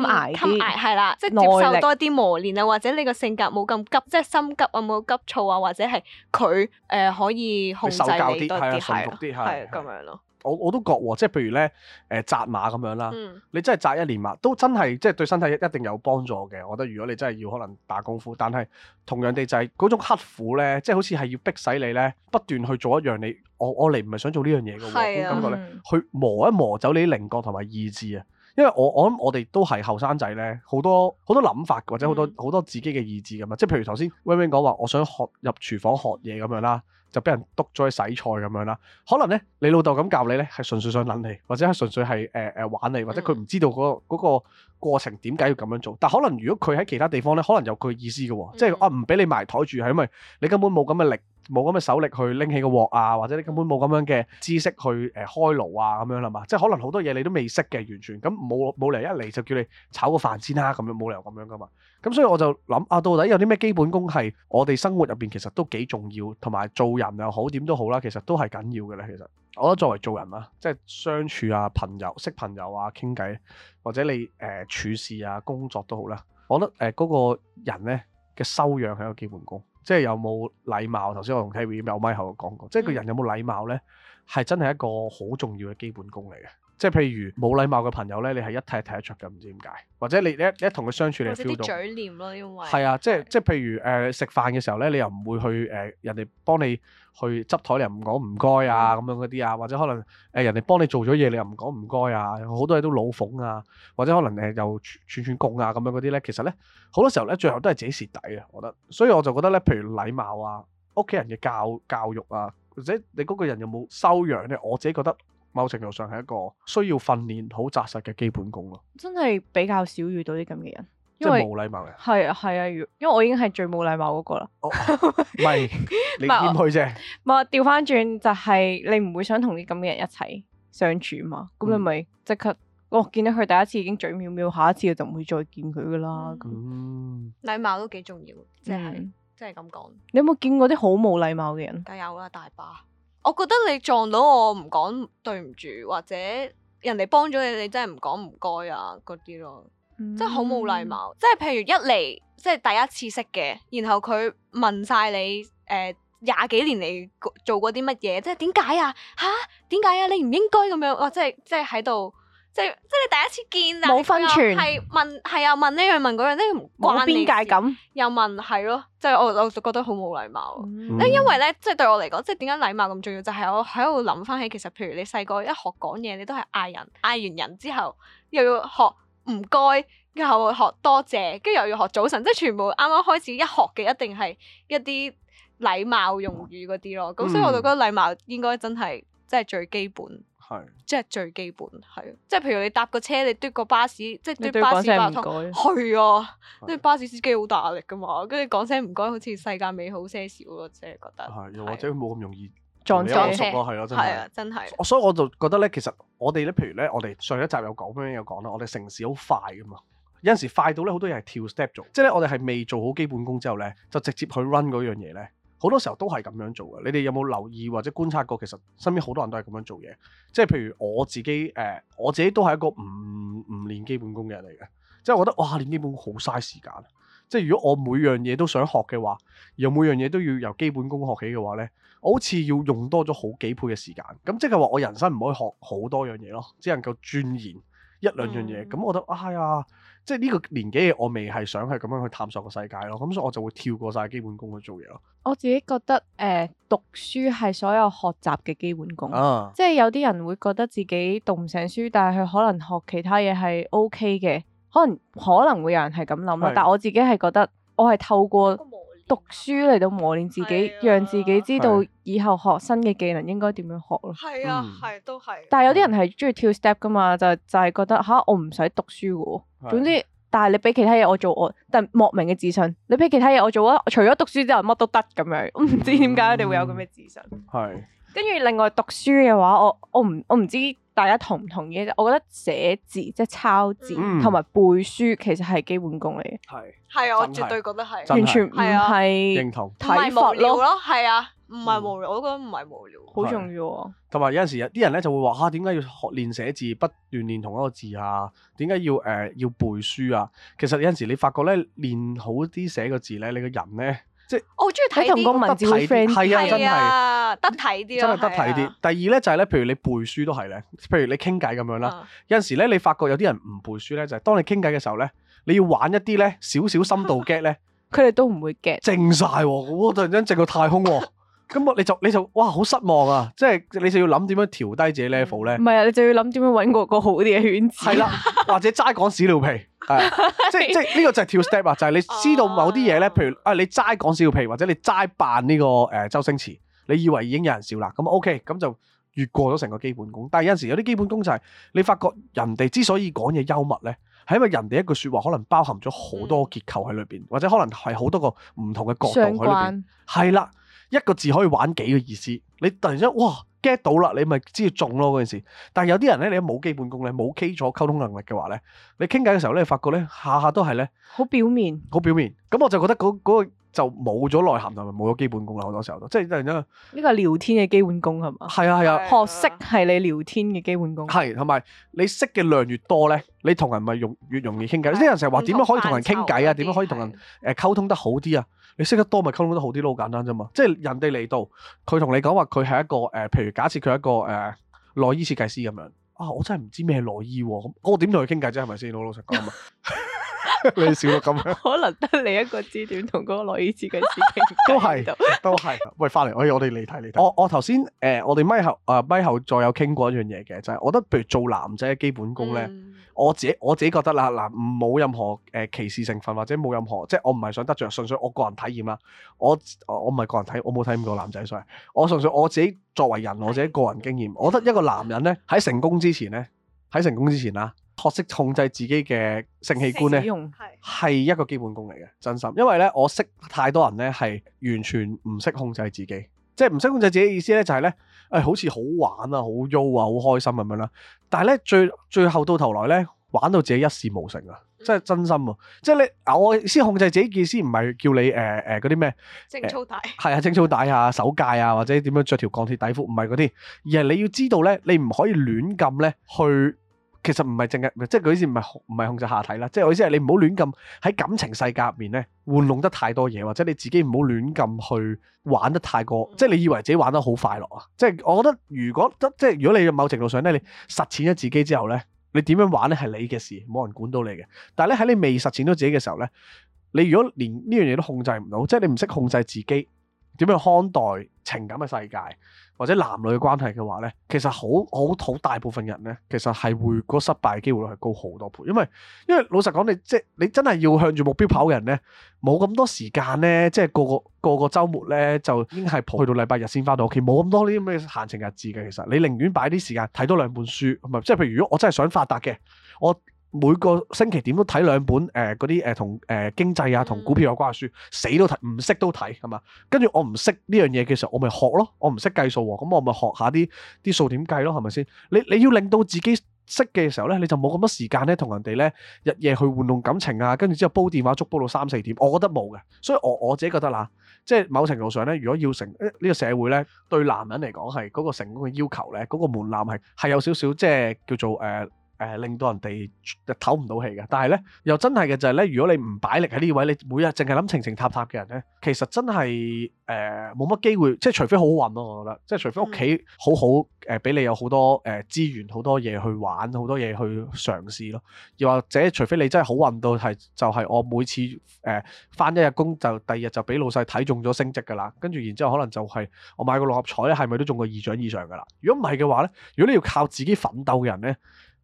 係啦力、呃嗯，即係接受多啲磨練啊，或者你個性格冇咁急，即係心急啊，冇急躁啊，或者係佢誒可以控制你多啲係，順服啲係啊，咁樣咯。我我都覺喎，即係譬如咧，誒紮馬咁樣啦，你真係紮一年馬，都真係即係對身體一定有幫助嘅。我覺得如果你真係要可能打功夫，但係同樣地就係嗰種刻苦咧，即係好似係要逼使你咧不斷去做一樣你我我嚟唔係想做呢樣嘢嘅喎，咁感覺咧去磨一磨走你啲稜角同埋意志啊。因為我我諗我哋都係後生仔咧，好多好多諗法或者好多好多自己嘅意志咁嘛。即係譬如頭先 Wing 講話，我想學入廚房學嘢咁樣啦。就俾人督咗去洗菜咁樣啦，可能呢，你老豆咁教你呢，係純粹想撚你，或者係純粹係誒誒玩你，或者佢唔知道嗰嗰個過程點解要咁樣做。但可能如果佢喺其他地方呢，可能有佢意思嘅喎，即係啊唔俾你埋台住係因為你根本冇咁嘅力，冇咁嘅手力去拎起個鑊啊，或者你根本冇咁樣嘅知識去誒、呃、開爐啊，咁樣係嘛？即係可能好多嘢你都未識嘅完全，咁冇冇理由一嚟就叫你炒個飯先啦，啊，咁樣冇理由咁樣噶嘛。咁所以我就諗啊，到底有啲咩基本功係我哋生活入邊其實都幾重要，同埋做人又好點都好啦，其實都係緊要嘅咧。其實我覺得作為做人啊，即係相處啊、朋友、識朋友啊、傾偈，或者你誒、呃、處事啊、工作都好啦，我覺得誒嗰、呃嗰個人咧嘅修養係一個基本功。即係有冇禮貌？頭先我同 Kevin 有咪後講過，嗯、即係個人有冇禮貌咧，係真係一個好重要嘅基本功嚟嘅。即係譬如冇禮貌嘅朋友咧，你係一睇睇得出嘅，唔知點解，或者你一你一你一同佢相處，你 feel 到嘴臉咯，因為係啊，即係是的 即係譬如誒食、呃、飯嘅時候咧，你又唔會去誒、呃、人哋幫你去執枱，你又唔講唔該啊咁樣嗰啲、呃、啊，啊，或者可能誒人哋幫你做咗嘢，你又唔講唔該啊，好多嘢都老奉啊，或者可能誒又串串供啊咁樣嗰啲咧，其實咧好多時候咧，最後都係自己蝕底啊，我覺得，所以我就覺得咧，譬如禮貌啊，屋企人嘅教教育啊，或者你嗰個人有冇修養咧，我自己覺得。某程度上係一個需要訓練好紮實嘅基本功咯，真係比較少遇到啲咁嘅人，因為即係冇禮貌嘅。啊，係啊係啊，因為我已經係最冇禮貌嗰個啦。唔係、哦 *laughs* 啊，你點去啫？唔係，調翻轉就係你唔會想同啲咁嘅人一齊相處嘛？咁、嗯、你咪即刻，我、哦、見到佢第一次已經嘴藐藐，下一次就唔會再見佢噶啦。禮、嗯嗯、貌都幾重要，即係即係咁講。嗯、你有冇見過啲好冇禮貌嘅人？梗有啦，大把。我覺得你撞到我唔講對唔住，或者人哋幫咗你，你真係唔講唔該啊嗰啲咯，嗯、真係好冇禮貌。嗯、即係譬如一嚟，即係第一次識嘅，然後佢問晒你誒廿幾年嚟做過啲乜嘢，即係點解啊？吓點解啊？你唔應該咁樣，或者係即係喺度。即係即係你第一次見，冇分寸又係問係啊，問呢樣問嗰樣，呢唔關，冇邊界感，又問係咯，即係我我就覺得好冇禮貌。嗯、因為咧，即係對我嚟講，即係點解禮貌咁重要，就係、是、我喺度諗翻起，其實譬如你細個一學講嘢，你都係嗌人，嗌完人之後又要學唔該，然後學多謝，跟住又要學早晨，即係全部啱啱開始一學嘅一定係一啲禮貌用語嗰啲咯。咁、嗯、所以我就覺得禮貌應該真係即係最基本。係，即係最基本，係啊！即係譬如你搭個車，你嘟個巴士，即係嘟巴士發通，係啊！因為巴士司機好大壓力噶嘛，跟住講聲唔該，好似世界美好些少咯，即係覺得。係，又或者冇咁容易，容易撞撞熟咯，係咯，真係。真係。我所以我就覺得咧，其實我哋咧，譬如咧，我哋上一集有講，有講啦，我哋城市好快噶嘛，有陣時快到咧，好多嘢係跳 step 做，即係咧，我哋係未做好基本功之後咧，就直接去 run 嗰樣嘢咧。好多時候都係咁樣做嘅，你哋有冇留意或者觀察過？其實身邊好多人都係咁樣做嘢，即係譬如我自己，誒、呃、我自己都係一個唔唔練基本功嘅人嚟嘅，即係我覺得哇練基本功好嘥時間，即係如果我每樣嘢都想學嘅話，又每樣嘢都要由基本功學起嘅話呢，我好似要用多咗好幾倍嘅時間，咁即係話我人生唔可以學好多樣嘢咯，只能夠鑽研一兩樣嘢，咁、嗯、我覺得哎呀～即係呢個年紀，我未係想係咁樣去探索個世界咯，咁所以我就會跳過晒基本功去做嘢咯。我自己覺得，誒、呃，讀書係所有學習嘅基本功。啊、即係有啲人會覺得自己讀唔成書，但係佢可能學其他嘢係 OK 嘅，可能可能會有人係咁諗啦。的但係我自己係覺得，我係透過。讀書嚟到磨練自己，啊、讓自己知道以後學新嘅技能應該點樣學咯。係啊，係、啊、都係、啊。但係有啲人係中意跳 step 噶嘛，就就係、是、覺得吓我唔使讀書噶，總之，但係你俾其他嘢我做我，但莫名嘅自信。你俾其他嘢我做啦，我除咗讀書之後乜都得咁樣，唔知點解你會有咁嘅自信。係、嗯。跟住另外讀書嘅話，我我唔我唔知。大家同唔同意？我覺得寫字即係抄字，同埋、嗯、背書其實係基本功嚟嘅。係係啊，我絕對覺得係，完全唔係、啊、認同。同埋無聊咯，係啊，唔係無聊，嗯、我都覺得唔係無聊，好重要。同埋有陣時有啲人咧就會話嚇，點、啊、解要學練寫字不斷練同一個字啊？點解要誒、呃、要背書啊？其實有陣時你發覺咧，練好啲寫個字咧，你個人咧。即我好中意睇啲得體啲。係啊，真係是、啊、得體啲。真係得體啲。第二咧就係咧，譬如你背書都係咧，譬如你傾偈咁樣啦。嗯、有陣時咧，你發覺有啲人唔背書咧，就係、是、當你傾偈嘅時候咧，你要玩一啲咧少少深度 get 咧。佢哋 *laughs* 都唔會 get 靜曬，我突然間靜到太空喎。 *laughs* 咁你就你就哇好失望啊！即係你就要諗點樣調低自己 level 咧？唔係、嗯、啊，你就要諗點樣搵個好啲嘅圈子。係啦 *laughs* ，或者齋講屎尿屁， *laughs* 即係即係呢個就係跳 step 啊！就係、是、你知道某啲嘢咧，哦、譬如啊，你齋講屎尿屁，或者你齋扮呢個誒、呃、周星馳，你以為已經有人笑啦？咁 OK，咁就越過咗成個基本功。但係有陣時有啲基本功就係你發覺人哋之所以講嘢幽默咧，係因為人哋一句說話可能包含咗好多結構喺裏邊，嗯、或者可能係好多個唔同嘅角度喺裏邊。係啦想慣 了。一個字可以玩幾個意思？你突然間哇 get 到啦，你咪知道中咯嗰件事。但係有啲人咧，你冇基本功咧，冇基礎溝通能力嘅話咧，你傾偈嘅時候咧，發覺咧下下都係咧好表面，好表面。咁我就覺得嗰嗰個就冇咗內涵，同埋冇咗基本功啦。好多時候都即係突然間呢個係聊天嘅基本功係嘛？係啊係啊，學識係你聊天嘅基本功。係同埋你識嘅量越多咧，你同人咪容越容易傾偈。有啲人成日話點樣可以同人傾偈啊？點樣可以同人誒溝通得好啲啊？你識得多咪溝通得好啲咯，好簡單啫嘛。即係人哋嚟到，佢同你講話佢係一個誒、呃，譬如假設佢係一個誒、呃、內衣設計師咁樣啊，我真係唔知咩係內衣喎、啊。咁我點同佢傾偈啫？係咪先？老老實講啊嘛。 *laughs* *laughs* *laughs* 你笑到咁， *laughs* 可能得你一個知點同嗰個內衣設計師都係，都係。喂，翻嚟我哋嚟睇嚟睇。我我頭先誒，我哋、呃、咪後誒、呃、咪後再有傾過一樣嘢嘅，就係、是、我覺得，譬如做男仔嘅基本功咧，嗯、我自己我自己覺得啦，嗱，唔冇任何誒歧視成分或者冇任何，即、就、係、是、我唔係想得罪，純粹我個人體驗啦。我我唔係個人睇，我冇睇過男仔，所以我純粹我自己作為人，我自己個人經驗，我覺得一個男人咧喺成功之前咧，喺成功之前啦。學識控制自己嘅性器官咧，係一個基本功嚟嘅，真心。因為咧，我識太多人咧，係完全唔識控制自己。即係唔識控制自己嘅意思咧、就是，就係咧，誒，好似好玩啊，好 u 啊，好開心咁樣啦。但係咧，最最後到頭來咧，玩到自己一事無成啊，即係真心啊。嗯、即係你，我先控制自己嘅意思，唔係叫你誒誒嗰啲咩，貞操帶係啊，貞操帶啊，守戒啊，或者點樣着條鋼鐵底褲，唔係嗰啲，而係你要知道咧，你唔可以亂撳咧去。其實唔係淨係，即係佢意思唔係唔係控制下體啦，即係我意思係你唔好亂咁喺感情世界入面咧，玩弄得太多嘢，或者你自己唔好亂咁去玩得太過，即係你以為自己玩得好快樂啊！即係我覺得如果即係如果你喺某程度上咧，你實踐咗自己之後咧，你點樣玩咧係你嘅事，冇人管到你嘅。但係咧喺你未實踐到自己嘅時候咧，你如果連呢樣嘢都控制唔到，即係你唔識控制自己。點樣看待情感嘅世界，或者男女嘅關係嘅話呢？其實好好好大部分人呢，其實係會嗰失敗嘅機會率係高好多倍，因為因為老實講，你即係你真係要向住目標跑嘅人呢，冇咁多時間呢，即係個個個個週末呢，就已經係去到禮拜日先返到屋企，冇咁多呢啲咩閒情日誌嘅。其實你寧願擺啲時間睇多兩本書，唔係即係譬如如果我真係想發達嘅，我。每個星期點都睇兩本誒嗰啲誒同誒經濟啊同股票有關嘅書，死都睇，唔識都睇，係嘛？跟住我唔識呢樣嘢嘅時候，我咪學咯。我唔識計、嗯、數喎，咁我咪學下啲啲數點計咯，係咪先？你你要令到自己識嘅時候呢，你就冇咁多時間咧，同人哋呢日夜去玩弄感情啊，跟住之後煲電話粥煲到三四點，我覺得冇嘅。所以我我自己覺得嗱，即係某程度上呢，如果要成呢個社會呢，對男人嚟講係嗰個成功嘅要求呢，嗰、嗰個門檻係係有少少即係叫，叫做誒。叫叫誒，令到人哋唞唔到氣嘅，但係呢，又真係嘅就係呢。如果你唔擺力喺呢位，你每日淨係諗情情塔塔嘅人呢，其實真係誒冇乜機會，即係除非好，好運咯，我覺得，即係除非屋企好好誒，俾、呃、你有好多誒、呃、資源，好多嘢去玩，好多嘢去嘗試咯，又或者除非你真係好運到係就係我每次誒返、呃、一日工就第二日就俾老細睇中咗升職噶啦，跟住然之後可能就係我買個六合彩係咪都中過二獎以上噶啦？如果唔係嘅話呢，如果你要靠自己奮鬥嘅人呢。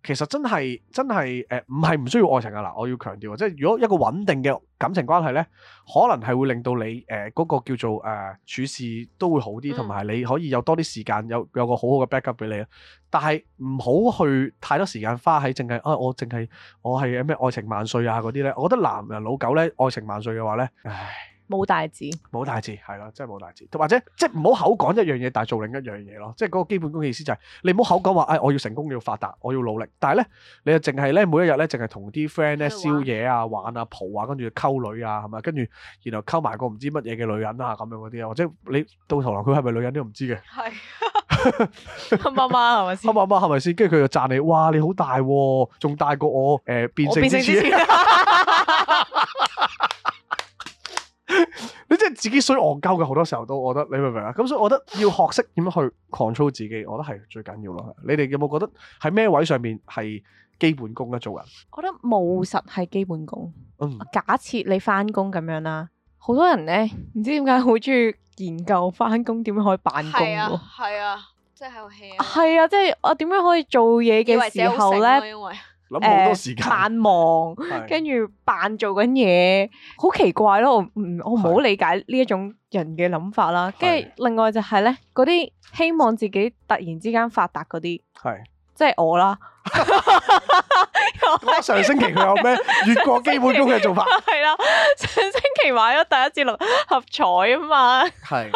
其實真係真係誒，唔係唔需要愛情噶啦，我要強調啊，即係如果一個穩定嘅感情關係呢，可能係會令到你誒嗰個叫做誒處事都會好啲，同埋你可以有多啲時間，有有個好好嘅 backup 俾你。但係唔好去太多時間花喺淨係啊，我淨係我係咩愛情萬歲啊嗰啲呢。我覺得男人老狗呢，愛情萬歲嘅話呢。唉。冇大志，冇大志，係咯，真係冇大志。或者即係唔好口講一樣嘢，但係做另一樣嘢咯。即係嗰個基本功嘅意思就係，你唔好口講話，誒，我要成功，要發達，我要努力。但係咧，你就，淨係咧，每一日咧，淨係同啲 friend 咧，宵夜啊，玩啊，蒲啊，跟住溝女啊，係咪？跟住然後溝埋個唔知乜嘢嘅女人啊，咁樣嗰啲啊，或者你到頭嚟佢係咪女人都唔知嘅。係，黑媽媽係咪先？黑媽媽係咪先？跟住佢就讚你，哇，你好大喎，仲大過我誒，變成之前。你真係自己衰，我交嘅好多時候都惡惡，我覺得你明唔明啊？咁所以我覺得要學識點樣去 control 自己，我覺得係最緊要咯。你哋有冇覺得喺咩位上面係基本功咧？做人，我覺得務實係基本功。嗯、假設你翻工咁樣啦，好多人咧，唔知點解好中意研究翻工點樣可以扮工。咯？係啊，即係好 hea 啊！係啊，即係我點樣可以做嘢嘅時候咧？諗好多時間，扮忙，跟住扮做緊嘢，好奇怪咯。嗯，我唔好理解呢一種人嘅諗法啦。跟住另外就係咧，嗰啲希望自己突然之間發達嗰啲，係即係我啦。我上星期佢有咩越過基本功嘅做法？係啦，上星期買咗第一次六合彩啊嘛。係，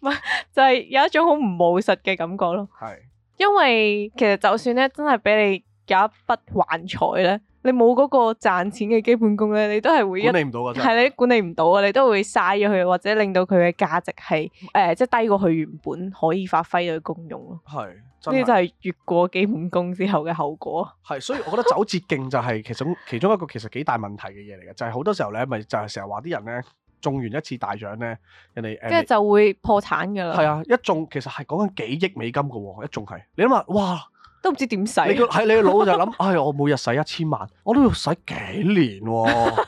咪就係有一種好唔務實嘅感覺咯。係，因為其實就算咧，真係俾你。有一筆橫財咧，你冇嗰個賺錢嘅基本功咧，你都係會管理唔到嘅，係你管理唔到啊！你都會嘥咗佢，或者令到佢嘅價值係誒、呃，即係低過佢原本可以發揮嘅功用咯。係，呢就真係越過基本功之後嘅後果。係，所以我覺得走捷徑就係其實 *laughs* 其中一個其實幾大問題嘅嘢嚟嘅，就係、係、好多時候咧，咪就係成日話啲人咧中完一次大獎咧，人哋即係就會破產㗎啦。係啊，一中其實係講緊幾億美金㗎喎，一中係。你諗下，哇！都唔知點使的，喺 *laughs* 你嘅腦就係諗，哎，我每日使一千萬，我都要使幾年喎、啊？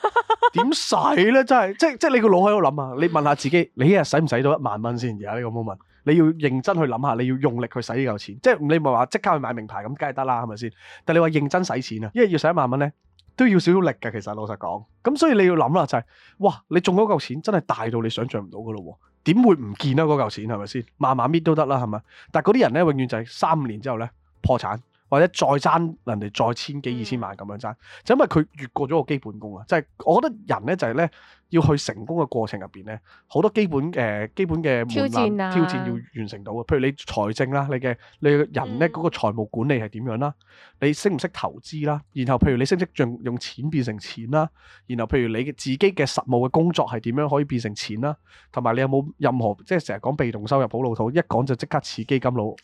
點使咧？真係，即即你個腦喺度諗啊！你問下自己，你一日使唔使到一萬蚊先？而家呢個 moment，你要認真去諗下，你要用力去使呢嚿錢，即你唔係話即刻去買名牌咁，梗係得啦，係咪先？但你話認真使錢啊，一日要使一萬蚊咧，都要少少力嘅。其實老實講，咁所以你要諗啦，就係、是、哇，你中嗰嚿錢真係大到你想像唔到嘅咯，點會唔見啊？嗰嚿錢係咪先？慢慢搣都得啦，係咪？但嗰啲人咧，永遠就係三年之後咧。破產，或者再爭人哋再千幾二千萬咁樣爭，嗯、就因為佢越過咗個基本功啊！即係我覺得人呢、就係，就係呢，要去成功嘅過程入邊呢，好多基本嘅基本嘅挑戰要完成到嘅，譬如你財政啦，你嘅你人呢嗰個財務管理係點樣啦？你識唔識投資啦？然後譬如你識唔識用用錢變成錢啦？然後譬如你嘅自己嘅實務嘅工作係點樣可以變成錢啦？同埋你有冇任何即係成日講被動收入好老土，一講就即刻似基金佬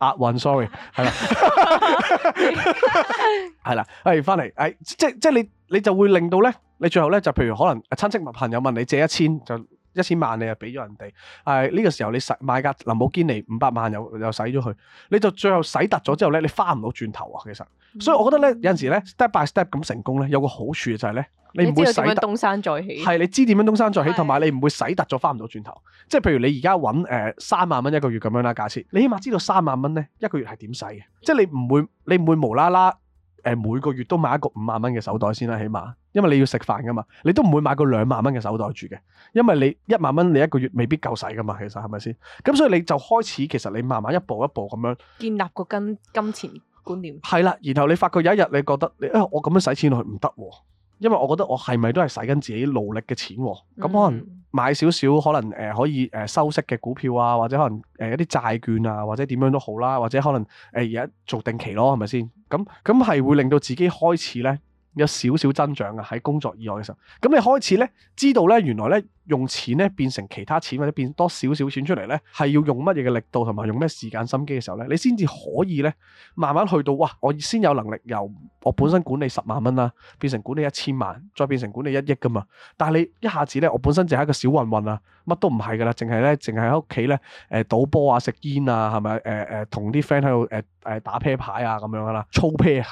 壓運是的、啊，sorry 係啦，係啦，係翻嚟，係、哎、即即你。你就會令到咧，你最後咧就譬如可能親戚朋友問你借一千就一千萬你就，你又俾咗人哋。誒、這、呢個時候你使買架林寶堅尼五百萬，又又使咗佢，你就最後使突咗之後咧，你翻唔到轉頭啊！其實，嗯、所以我覺得咧有陣時咧 step by step 咁成功咧有個好處就係咧，你唔會使東山再起，係你知點樣東山再起，同埋的你唔會使突咗翻唔到轉頭。即係譬如你而家揾誒三萬蚊一個月咁樣啦，假設你起碼知道三萬蚊咧一個月係點使嘅，即係你唔會你唔會，會無啦啦。每個月都買一個五萬蚊嘅手袋先啦、啊，起碼，因為你要食飯㗎嘛，你都唔會買個兩萬蚊嘅手袋住嘅，因為你一萬蚊你一個月未必夠使㗎嘛，其實係咪先？咁所以你就開始其實你慢慢一步一步咁樣建立個金金錢觀念。係啦，然後你發覺有一日你覺得，誒、哎、我咁樣使錢落去唔得、啊，因為我覺得我係咪都係使緊自己勞力嘅錢喎、啊？咁可能、嗯。買少少可能可以收息嘅股票啊，或者可能一啲債券啊，或者點樣都好啦，或者可能誒而家做定期咯，係咪先？咁咁係會令到自己開始咧。有少少增長啊！喺工作以外嘅時候，咁你開始咧知道咧，原來咧用錢咧變成其他錢或者變多少少錢出嚟咧，係要用乜嘢嘅力度同埋用咩時間心機嘅時候咧，你先至可以咧慢慢去到哇！我先有能力由我本身管理十萬蚊啦、啊，變成管理一千萬，再變成管理一億噶嘛。但係你一下子咧，我本身就係一個小混混啊，乜都唔係噶啦，淨係咧淨係喺屋企咧誒賭波啊、食煙啊，係咪誒誒同啲 friend 喺度誒誒打啤牌啊咁樣噶啦，操啤 *laughs*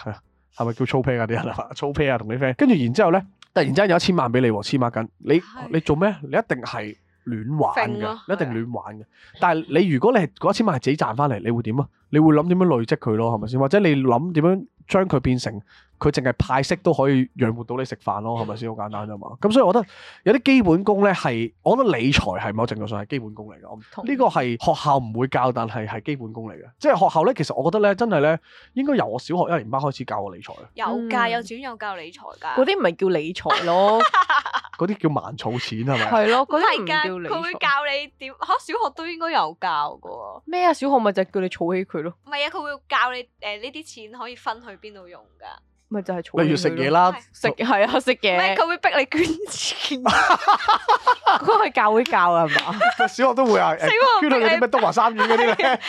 係咪叫粗胚啊啲人？粗胚啊，同你 friend，跟住然之後咧，突然之間有一千萬俾你，黐孖筋，你你做咩？你一定係。亂玩嘅，一定亂玩嘅。但係你如果你係嗰一千萬係自己賺翻嚟，你會點啊？你會諗點樣累積佢咯？係咪先？或者你諗點樣將佢變成佢淨係派息都可以養活到你食飯咯？係咪先？好 *laughs* 簡單啫嘛。咁所以我覺得有啲基本功咧係，我覺得理財係某程度上係基本功嚟嘅。我唔同呢個係學校唔會教，但係係基本功嚟嘅。即係學校咧，其實我覺得咧，真係咧，應該由我小學一年班開始教我理財。有噶，有錢，有教理財噶。嗰啲唔係叫理財咯。 *laughs* 嗰啲叫盲儲錢係咪？係咯，嗰啲唔叫理財。佢會教你點？嚇，小學都應該有教噶喎。咩啊？小學咪就係叫你儲起佢咯。唔係啊，佢會教你誒呢啲錢可以分去邊度用噶。咪就係儲。例如食嘢啦，食係啊食嘢。佢會逼你捐錢。嗰個係教會教啊，係嘛？小學都會啊。小學捐到嗰啲咩東華三院嗰啲咧。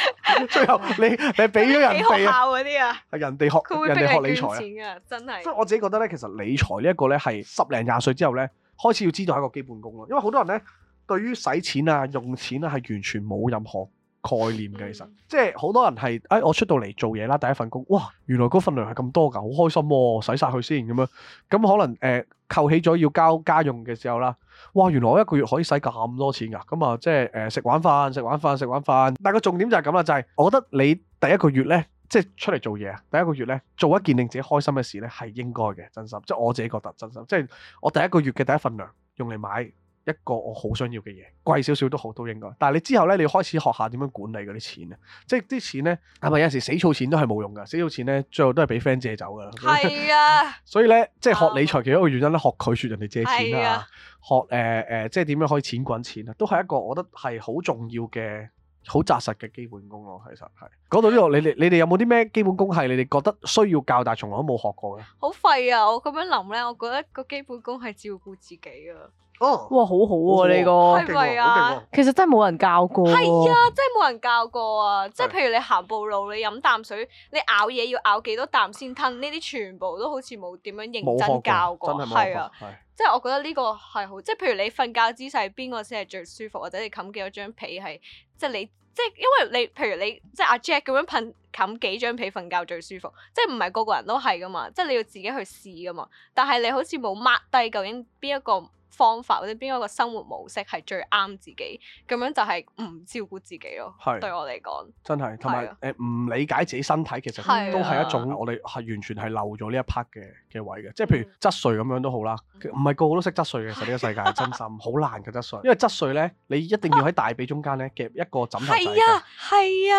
最後你你俾咗人哋學校嗰啲啊。係人哋學，佢會逼你學理財啊，真係。所以我自己覺得咧，其實理財呢一個咧係十零廿歲之後咧。開始要知道係一個基本功咯，因為好多人呢，對於使錢啊、用錢啊係完全冇任何概念嘅，其實即係好多人係誒、哎、我出到嚟做嘢啦，第一份工哇，原來嗰份糧係咁多㗎，好開心喎、啊，使曬佢先咁樣，咁可能誒、呃、扣起咗要交家用嘅時候啦，哇，原來我一個月可以使咁多錢㗎，咁啊即係誒食晚飯、食晚飯、食晚飯，但係個重點就係咁啦，就係、是、我覺得你第一個月呢。即係出嚟做嘢啊，第一個月咧，做一件令自己開心嘅事咧，係應該嘅，真心。即係我自己覺得真心。即係我第一個月嘅第一份糧，用嚟買一個我好想要嘅嘢，貴少少都好，都應該。但係你之後咧，你要開始學下點樣管理嗰啲錢啊！即係啲錢咧，係咪有時死儲錢都係冇用噶？死儲錢咧，最後都係俾 friend 借走噶。係啊。 *laughs* 所以咧，即係學理財其中一個原因咧，學拒絕人哋借錢啊，學誒誒、呃呃，即係點樣可以錢滾錢啊，都係一個我覺得係好重要嘅。好扎實嘅基本功咯，其實係講到呢度，你哋你哋有冇啲咩基本功係你哋覺得需要教但係從來都冇學過嘅？好廢啊！我咁樣諗咧，我覺得個基本功係照顧自己㗎。哦，哇，好好喎！呢，哦個係咪啊？其實真係冇人教過，啊，係啊，真係冇人教過啊！是的 即係譬如你行步路，你飲啖水，你咬嘢要咬幾多啖先吞？呢啲全部都好似冇點樣認真教過，係啊！即係我覺得呢個係好，即係譬如你瞓覺姿勢，邊個先係最舒服？或者你冚幾多張被係？即係你，即係因為你，譬如你即係阿 Jack 咁樣噴，冚幾張被瞓覺最舒服？即係唔係個個人都係噶嘛？即係你，就是，你要自己去試噶嘛？但係你，你好似冇 mark 低究竟邊一個。方法或者邊一個生活模式係最啱自己，咁樣就係唔照顧自己咯。係，對我嚟講，真係同埋誒，唔理解自己身體，其實都係一種，我哋係完全係漏咗呢一 part 嘅嘅位嘅。即係譬如側睡咁樣都好啦，唔係個個都識側睡嘅。其實呢個世界係真心好難嘅，側睡，因為側睡咧，你一定要喺大髀中間咧夾一個枕頭仔嘅。係啊，係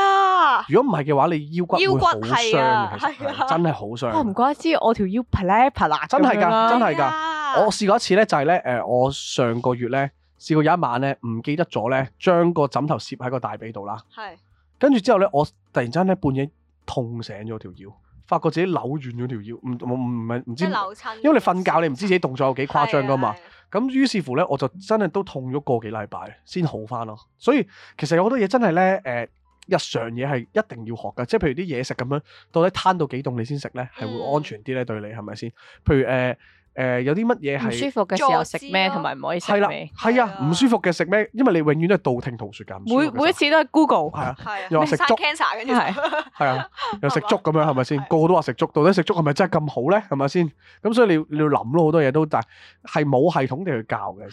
啊。如果唔係嘅話，你腰骨會好傷嘅，真係好傷。我唔怪之我條腰劈咧劈啦，真係㗎，真係㗎。我試過一次咧，就係咧，誒，我上個月咧試過有一晚咧，唔記得咗咧，將個枕頭攝喺個大髀度啦。係是。跟住之後咧，我突然間咧半夜痛醒咗條腰，發覺自己扭軟咗條腰。唔，唔係唔知因為你瞓覺你唔知自己動作有幾誇張噶嘛。咁於是乎咧，我就真係都痛咗個幾禮拜先好翻咯。所以其實有好多嘢真係咧，誒、呃，日常嘢係一定要學嘅，即係譬如啲嘢食咁樣，到底攤到幾凍你先食咧，係會安全啲咧對你係咪先？嗯、譬如誒。呃誒有啲乜嘢係唔舒服嘅時候食咩，同埋唔可以食咩？係啦，係啊，唔舒服嘅食咩？因為你永遠都係道聽途説咁，每每一次都係 Google 係啊，又食粥，係啊，又食粥咁樣係咪先？個個都話食粥，到底食粥係咪真係咁好咧？係咪先？咁所以你要你要諗咯，好多嘢都但係冇系統地去教嘅，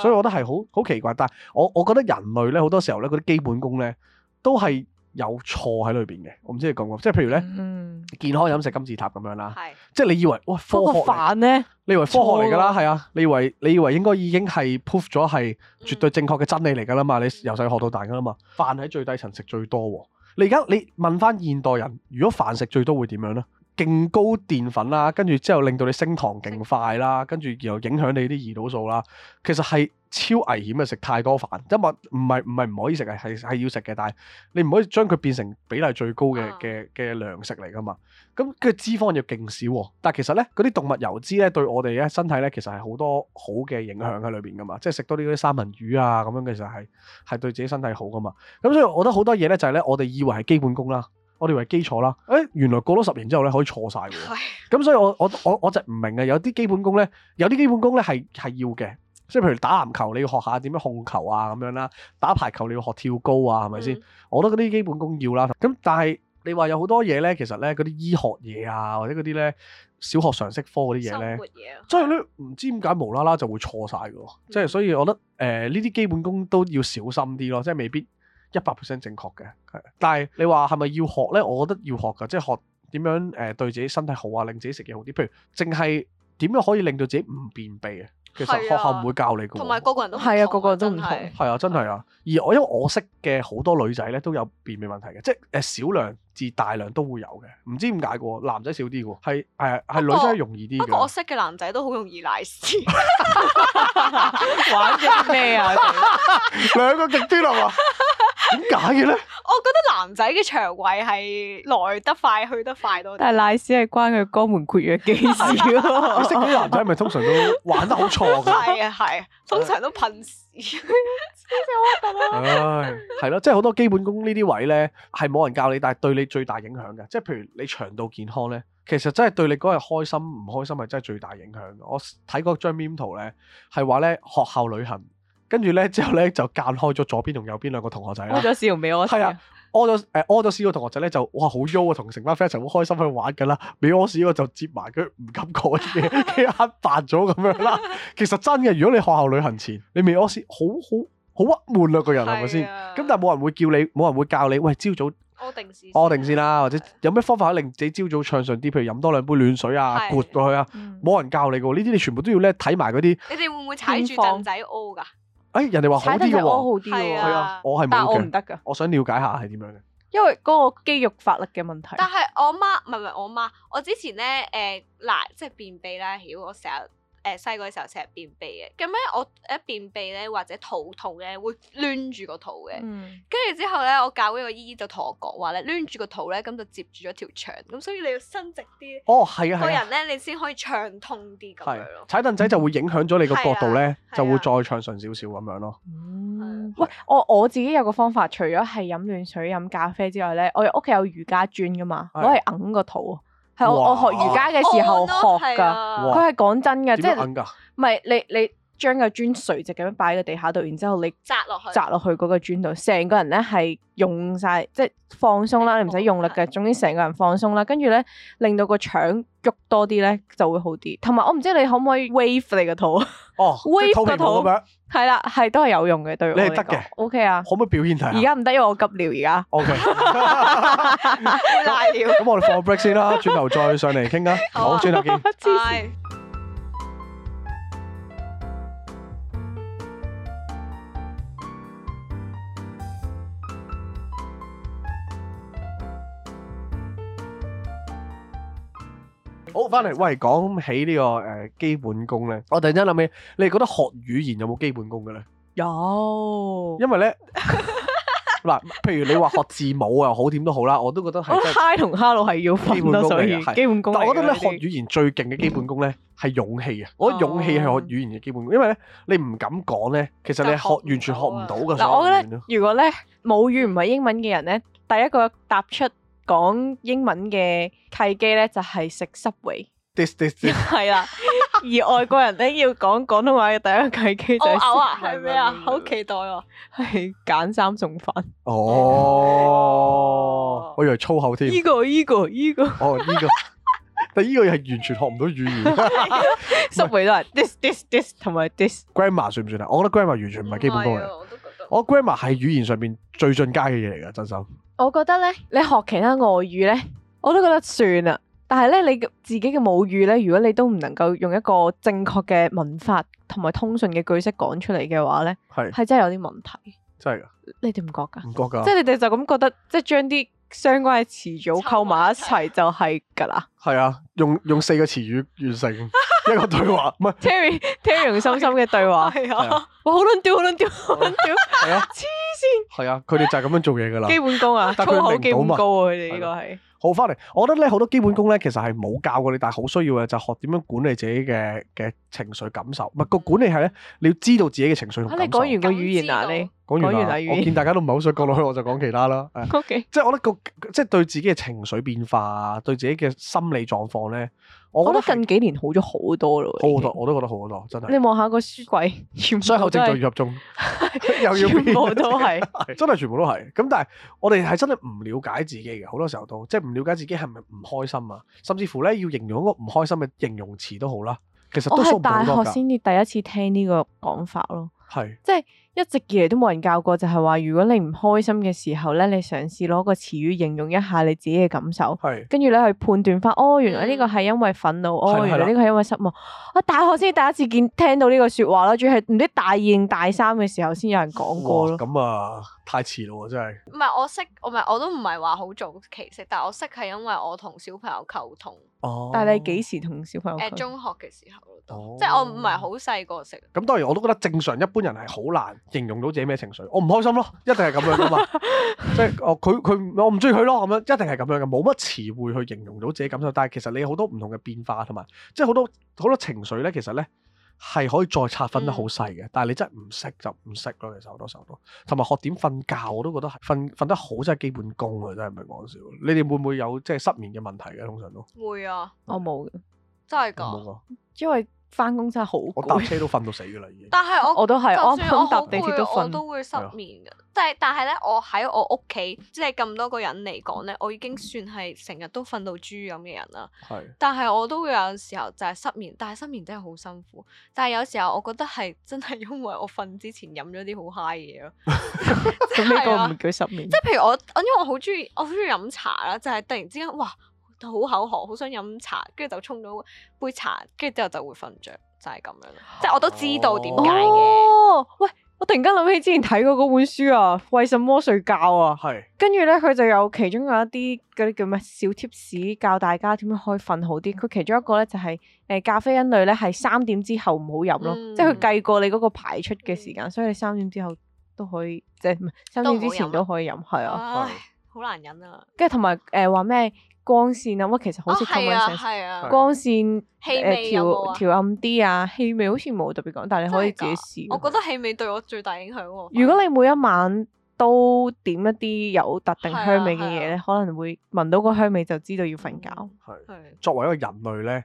所以我覺得係好好奇怪。但係我我覺得人類咧好多時候咧嗰啲基本功咧都係。有錯喺裏邊嘅，我唔知你講唔講，即係譬如咧，嗯、健康飲食金字塔咁樣啦，是即係你以為，喂，科學飯咧，你以為科學嚟㗎啦，係啊，你以為你以為應該已經係 prove 咗係絕對正確嘅真理嚟㗎啦嘛，你由細學到大㗎啦嘛，飯喺最低層食最多喎、啊，你而家你問翻現代人，如果飯食最多會點樣呢？勁高澱粉啦、啊，跟住之後令到你升糖勁快啦，的跟住又影響你啲胰島素啦，其實係。超危險啊！食太多飯，因為唔係唔係唔可以食啊，係係要食嘅。但係你唔可以將佢變成比例最高嘅嘅嘅糧食嚟噶嘛。咁跟住脂肪又勁少喎、啊。但係其實咧，嗰啲動物油脂咧對我哋咧身體咧，其實係好多好嘅影響喺裏邊噶嘛。即係食多啲嗰啲三文魚啊咁樣其實就係係對自己身體好噶嘛。咁所以，我覺得好多嘢咧就係咧，我哋以為係基本功啦，我哋以為基礎啦，誒、欸，原來過咗十年之後咧可以錯晒嘅。咁所以我，我我我我就唔明啊。有啲基本功咧，有啲基本功咧係係要嘅。即係，譬如打籃球，你要學下點樣控球啊咁樣啦，打排球你要學跳高啊係咪先？嗯、我覺得嗰啲基本功要啦。咁但係你話有好多嘢呢，其實呢，嗰啲醫學嘢啊，或者嗰啲呢，小學常識科嗰啲嘢呢，即係呢唔知點解無啦啦就會錯晒噶。即係、嗯、所以我覺得誒呢啲基本功都要小心啲咯，即係未必一百 percent 正確嘅。但係你話係咪要學呢？我覺得要學噶，即、就、係、是、學點樣誒對自己身體好啊，令自己食嘢好啲。譬如淨係點樣可以令到自己唔便秘啊？其實學校唔會教你噶，同埋個個人都係啊，個個都唔同，係啊，真係啊。而我因為我識嘅好多女仔咧，都有便秘問題嘅，即係誒少量至大量都會有嘅，唔知點解噶，男仔少啲噶，係誒係女仔容易啲嘅。我識嘅男仔都好容易賴屎， *laughs* *laughs* 玩咗咩啊？兩 *laughs* 個極端啊嘛！點解嘅咧？呢我覺得男仔嘅腸胃係來得快去得快多啲，但係賴屎係關佢肛門括約肌事咯、啊。 *laughs* *laughs* 識嘅男仔係咪通常都玩得好錯嘅，係啊係啊，通常都噴屎 *laughs* *laughs* 、啊，唉、啊，係咯，即係好多基本功呢啲位呢，係冇人教你，但係對你最大影響嘅，即係譬如你腸道健康呢，其實真係對你嗰日開心唔開心係真係最大影響。我睇過張 MIM 圖呢，係話呢學校旅行。跟住咧，之後咧就間開咗左邊同右邊兩個同學仔啦。屙咗屎唔俾我屙。係啊，屙咗誒，屙咗屎個同學仔咧就哇好喐啊，同成班 friend 一齊好開心去玩㗎、啊、啦。未屙屎個就接埋佢，唔敢講嘢，佢眼 *laughs* 白咗咁樣啦。其實真嘅，如果你學校旅行前你未屙屎，好好好鬱悶啊，個人係咪先？咁但係冇人會叫你，冇人會教你。喂，朝早屙定先，屙定先啦，啊、或者有咩方法令自己朝早暢順啲？譬如飲多兩杯暖水啊，啜到去啊，冇、啊、人教你嘅、啊、喎。呢啲你全部都要咧睇埋嗰啲。你哋會唔會踩住凳仔屙㗎？哎，人哋話好啲我好啲，係啊，但我係冇嘅，我，唔得㗎，我想了解下係點樣嘅。因為嗰個肌肉發力嘅問題。但係我媽，唔係唔係我媽，我之前咧，誒、呃、嗱，即係、就是、便秘啦，曉，我成日。誒，細個嘅時候成日便秘嘅，咁咧我一便秘咧或者肚痛咧會攣住個肚嘅，跟住、嗯、之後咧我教嗰個姨姨就同我講話咧攣住個肚咧，咁就接住咗條腸，咁所以你要伸直啲，哦，啊，啊個人咧你先可以暢通啲咁樣咯。踩凳、啊、仔就會影響咗你個角度咧，啊啊、就會再暢順少少咁樣咯。喂，我我自己有個方法，除咗係飲暖水、飲咖啡之外咧，我屋企有瑜伽磚噶嘛，攞嚟揞個肚，係我，哇我學瑜伽嘅時候學噶，佢係講真噶，哇即係唔係你你。你將個磚垂直咁樣擺喺個地下度，然之後你扎落去，扎落去嗰個磚度，成個人咧係用晒，即係放鬆啦，你唔使用力嘅，總之成個人放鬆啦，跟住咧令到個腸喐多啲咧就會好啲。同埋我唔知你可唔可以 wave 你個肚，哦，wave 個肚咁樣，係啦，係都係有用嘅，對，你得嘅，OK 啊，可唔可以表現睇？而家唔得，因為我急尿而家。OK，咁我哋放 break 先啦，轉頭再上嚟傾啊，好，轉頭見。好，翻嚟喂。講起呢個誒基本功咧，我突然之間諗起，你哋覺得學語言有冇基本功嘅咧？有，因為咧，嗱，譬如你話學字母又好，點都好啦，我都覺得係。Hi 同 Hello 係要基本功嘅，係基本功。但係我覺得咧，學語言最勁嘅基本功咧，係勇氣啊！我覺得勇氣係學語言嘅基本功，因為咧，你唔敢講咧，其實你學完全學唔到㗎。嗱，我覺得如果咧母語唔係英文嘅人咧，第一個踏出講英文嘅契機咧，就係食 Subway，this this this，係啦。而外國人咧，要講廣東話嘅第一個契機就係，我嘔啊，係咩啊？好期待哦，係揀三送飯。哦，我以為粗口添。呢個呢個呢個，哦呢個，但呢個係完全學唔到語言。Subway 都係 this this this，同埋 this grammar 算唔算啊？我覺得 grammar 完全唔係基本功嚟。我都覺得。我 grammar 係語言上邊最進階嘅嘢嚟噶，真心。我覺得咧，你學其他外語咧，我都覺得算啦。但係咧，你自己嘅母語咧，如果你都唔能夠用一個正確嘅文法同埋通順嘅句式講出嚟嘅話咧，係係真係有啲問題。真係噶？你哋唔覺噶？唔覺噶？即係你哋就咁覺得，即係將啲相關嘅詞組構埋一齊就係噶啦。係啊，用用四個詞語完成一個對話，唔係？Terri Terri 用心心嘅對話呀，我好卵屌，好卵屌，我好卵屌。係啊，佢哋就係咁樣做嘢噶啦，基本功啊，超好基本功啊，佢哋呢個係。好翻嚟，我覺得咧好多基本功咧，其實係冇教過你，但係好需要嘅就係學點樣管理自己嘅嘅情緒感受。唔係個管理係咧，你要知道自己嘅情緒同、啊。你講完個語言啊，你講完啦、啊，完啊、語言我見大家都唔係好想講落去，我就講其他啦。OK，即係我覺得個，即係對自己嘅情緒變化啊，對自己嘅心理狀況咧。我覺得近幾年好咗好多咯，好多，的我都覺得好多，真係。你望下個書櫃，傷口正在愈合中， *laughs* 又要全部都係， *laughs* 真係全部都係。咁 *laughs* 但係我哋係真係唔了解自己嘅，好多時候都即係唔了解自己係咪唔開心啊，甚至乎咧要形容一個唔開心嘅形容詞都好啦。其實都係大學先至第一次聽呢個講法咯，係即係。就是一直以嚟都冇人教過，就係、是、話如果你唔開心嘅時候呢，你嘗試攞個詞語形容一下你自己嘅感受，跟住你去判斷返。哦，原來呢個係因為憤怒，嗯、哦，原來呢個係因為失望。我的、啊、大學先第一次見聽到呢個説話咯，仲係唔知大二大三嘅時候先有人講過咯。咁啊，太遲咯，真係。唔係我識，我唔我都唔係話好早期識，但係我識係因為我同小朋友溝通。哦。但係你幾時同小朋友溝通？誒，中學嘅時候。即係我唔係好細個識。咁、哦、當然我都覺得正常一般人係好難形容到自己咩情緒。我唔開心咯，一定係咁樣噶嘛。 *laughs* 即係我佢佢我唔中意佢咯咁樣，一定係咁樣嘅，冇乜詞彙去形容到自己感受。但係其實你好多唔同嘅變化同埋，即係好多好多情緒咧、嗯，其實咧係可以再拆分得好細嘅。但係你真係唔識就唔識咯。其實好多時候都同埋學點瞓覺，我都覺得係瞓瞓得好真係基本功啊，真係唔係講笑。你哋會唔會有即係失眠嘅問題嘅？通常都會啊，我冇嘅，真係咁，因為。返工真係好，我搭車都瞓到死嘅啦，已經。但係我 *laughs* 我都係是，我我搭地鐵、嗯、我都會失眠嘅，即係的但係咧，我喺我屋企，即係咁多個人嚟講咧，我已經算係成日都瞓到豬咁嘅人啦。的但係我都會有時候就係失眠，但係失眠真係好辛苦。但係有時候我覺得係真係因為我瞓之前飲咗啲好嗨嘢咯。咁呢個唔叫失眠。即係 *laughs* 譬如我，因為我好中意，我好中意飲茶啦，就係、是、突然之間哇～好口渴，好想飲茶，跟住就沖咗杯茶，跟住之後就會瞓着，就係、是、咁樣咯。即係我都知道點解嘅。喂，我突然間諗起之前睇過嗰本書啊，為什麼睡覺啊？係是。跟住咧，佢就有其中有一啲嗰啲叫咩小 tips 教大家點樣可以瞓好啲。佢其中一個咧就係、是、誒咖啡因類咧係三點之後唔好飲咯，嗯、即係佢計過你嗰個排出嘅時間，嗯、所以你三點之後都可以，即係唔係三點之前都可以飲。係啊。好難忍啊。跟住同埋誒話咩？光線 sense，哦、啊，我其實好似，光線、啊、氣味有冇啊？調暗啲啊，氣味好似冇特別講，但係你可以自己試。我覺得氣味對我最大影響喎。如果你每一晚都點一啲有特定香味嘅嘢咧，啊啊、可能會聞到個香味就知道要瞓覺。係、啊啊、作為一個人類咧，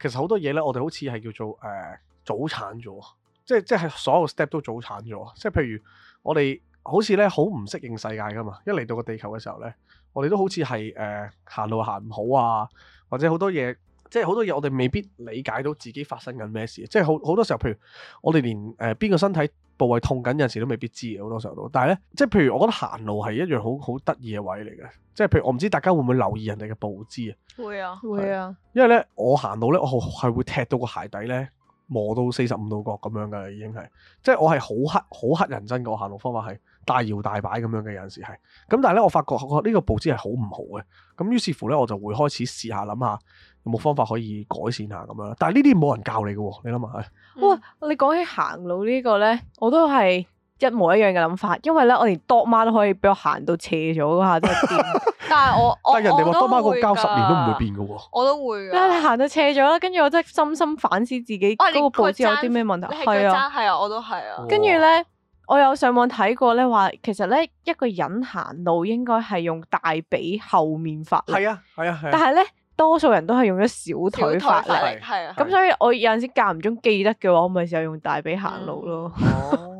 其實多好多嘢咧，我哋好似係叫做誒、呃、早產咗，即係即係所有 step 都早產咗。即係譬如我哋好似咧好唔適應世界㗎嘛，一嚟到個地球嘅時候咧。我哋都好似係誒行路行唔好啊，或者好多嘢，即係好多嘢我哋未必理解到自己發生緊咩事，即係好好多時候，譬如我哋連誒邊、呃、個身體部位痛緊有時都未必知，嘅。好多時候都。但係咧，即係譬如我覺得行路係一樣好好得意嘅位嚟嘅，即係譬如我唔知大家會唔會留意人哋嘅步姿啊？會啊，是會啊。因為咧，我行路咧，我係會踢到個鞋底咧，磨到四十五度角咁樣嘅，已經係，即係我係好乞好乞人憎。嘅，行路方法係。大搖大擺咁樣嘅，有陣時係，咁但係咧，我發覺呢個步姿係好唔好嘅，咁於是乎咧，我就會開始試下諗下有冇方法可以改善下咁樣，但係呢啲冇人教你嘅，你諗下係。嗯、哇，你講起行路呢、這個咧，我都係一模一樣嘅諗法，因為咧，我連多媽都可以俾我行到斜咗下， *laughs* 但係我，我但係人哋話多媽個膠十年都唔會變嘅喎，我都會、啊。你行到斜咗啦，跟住我真係深深反思自己嗰個步姿有啲咩問題？係啊，係啊，我都係啊，跟住咧。我有上網睇過咧，話其實咧一個人行路應該係用大髀後面發力。係啊，係啊，係啊。但係咧，多數人都係用咗小腿發力，係啊。咁，啊，所以我有陣時間唔中記得嘅話，我咪就，就用大髀行路咯。嗯哦 *laughs*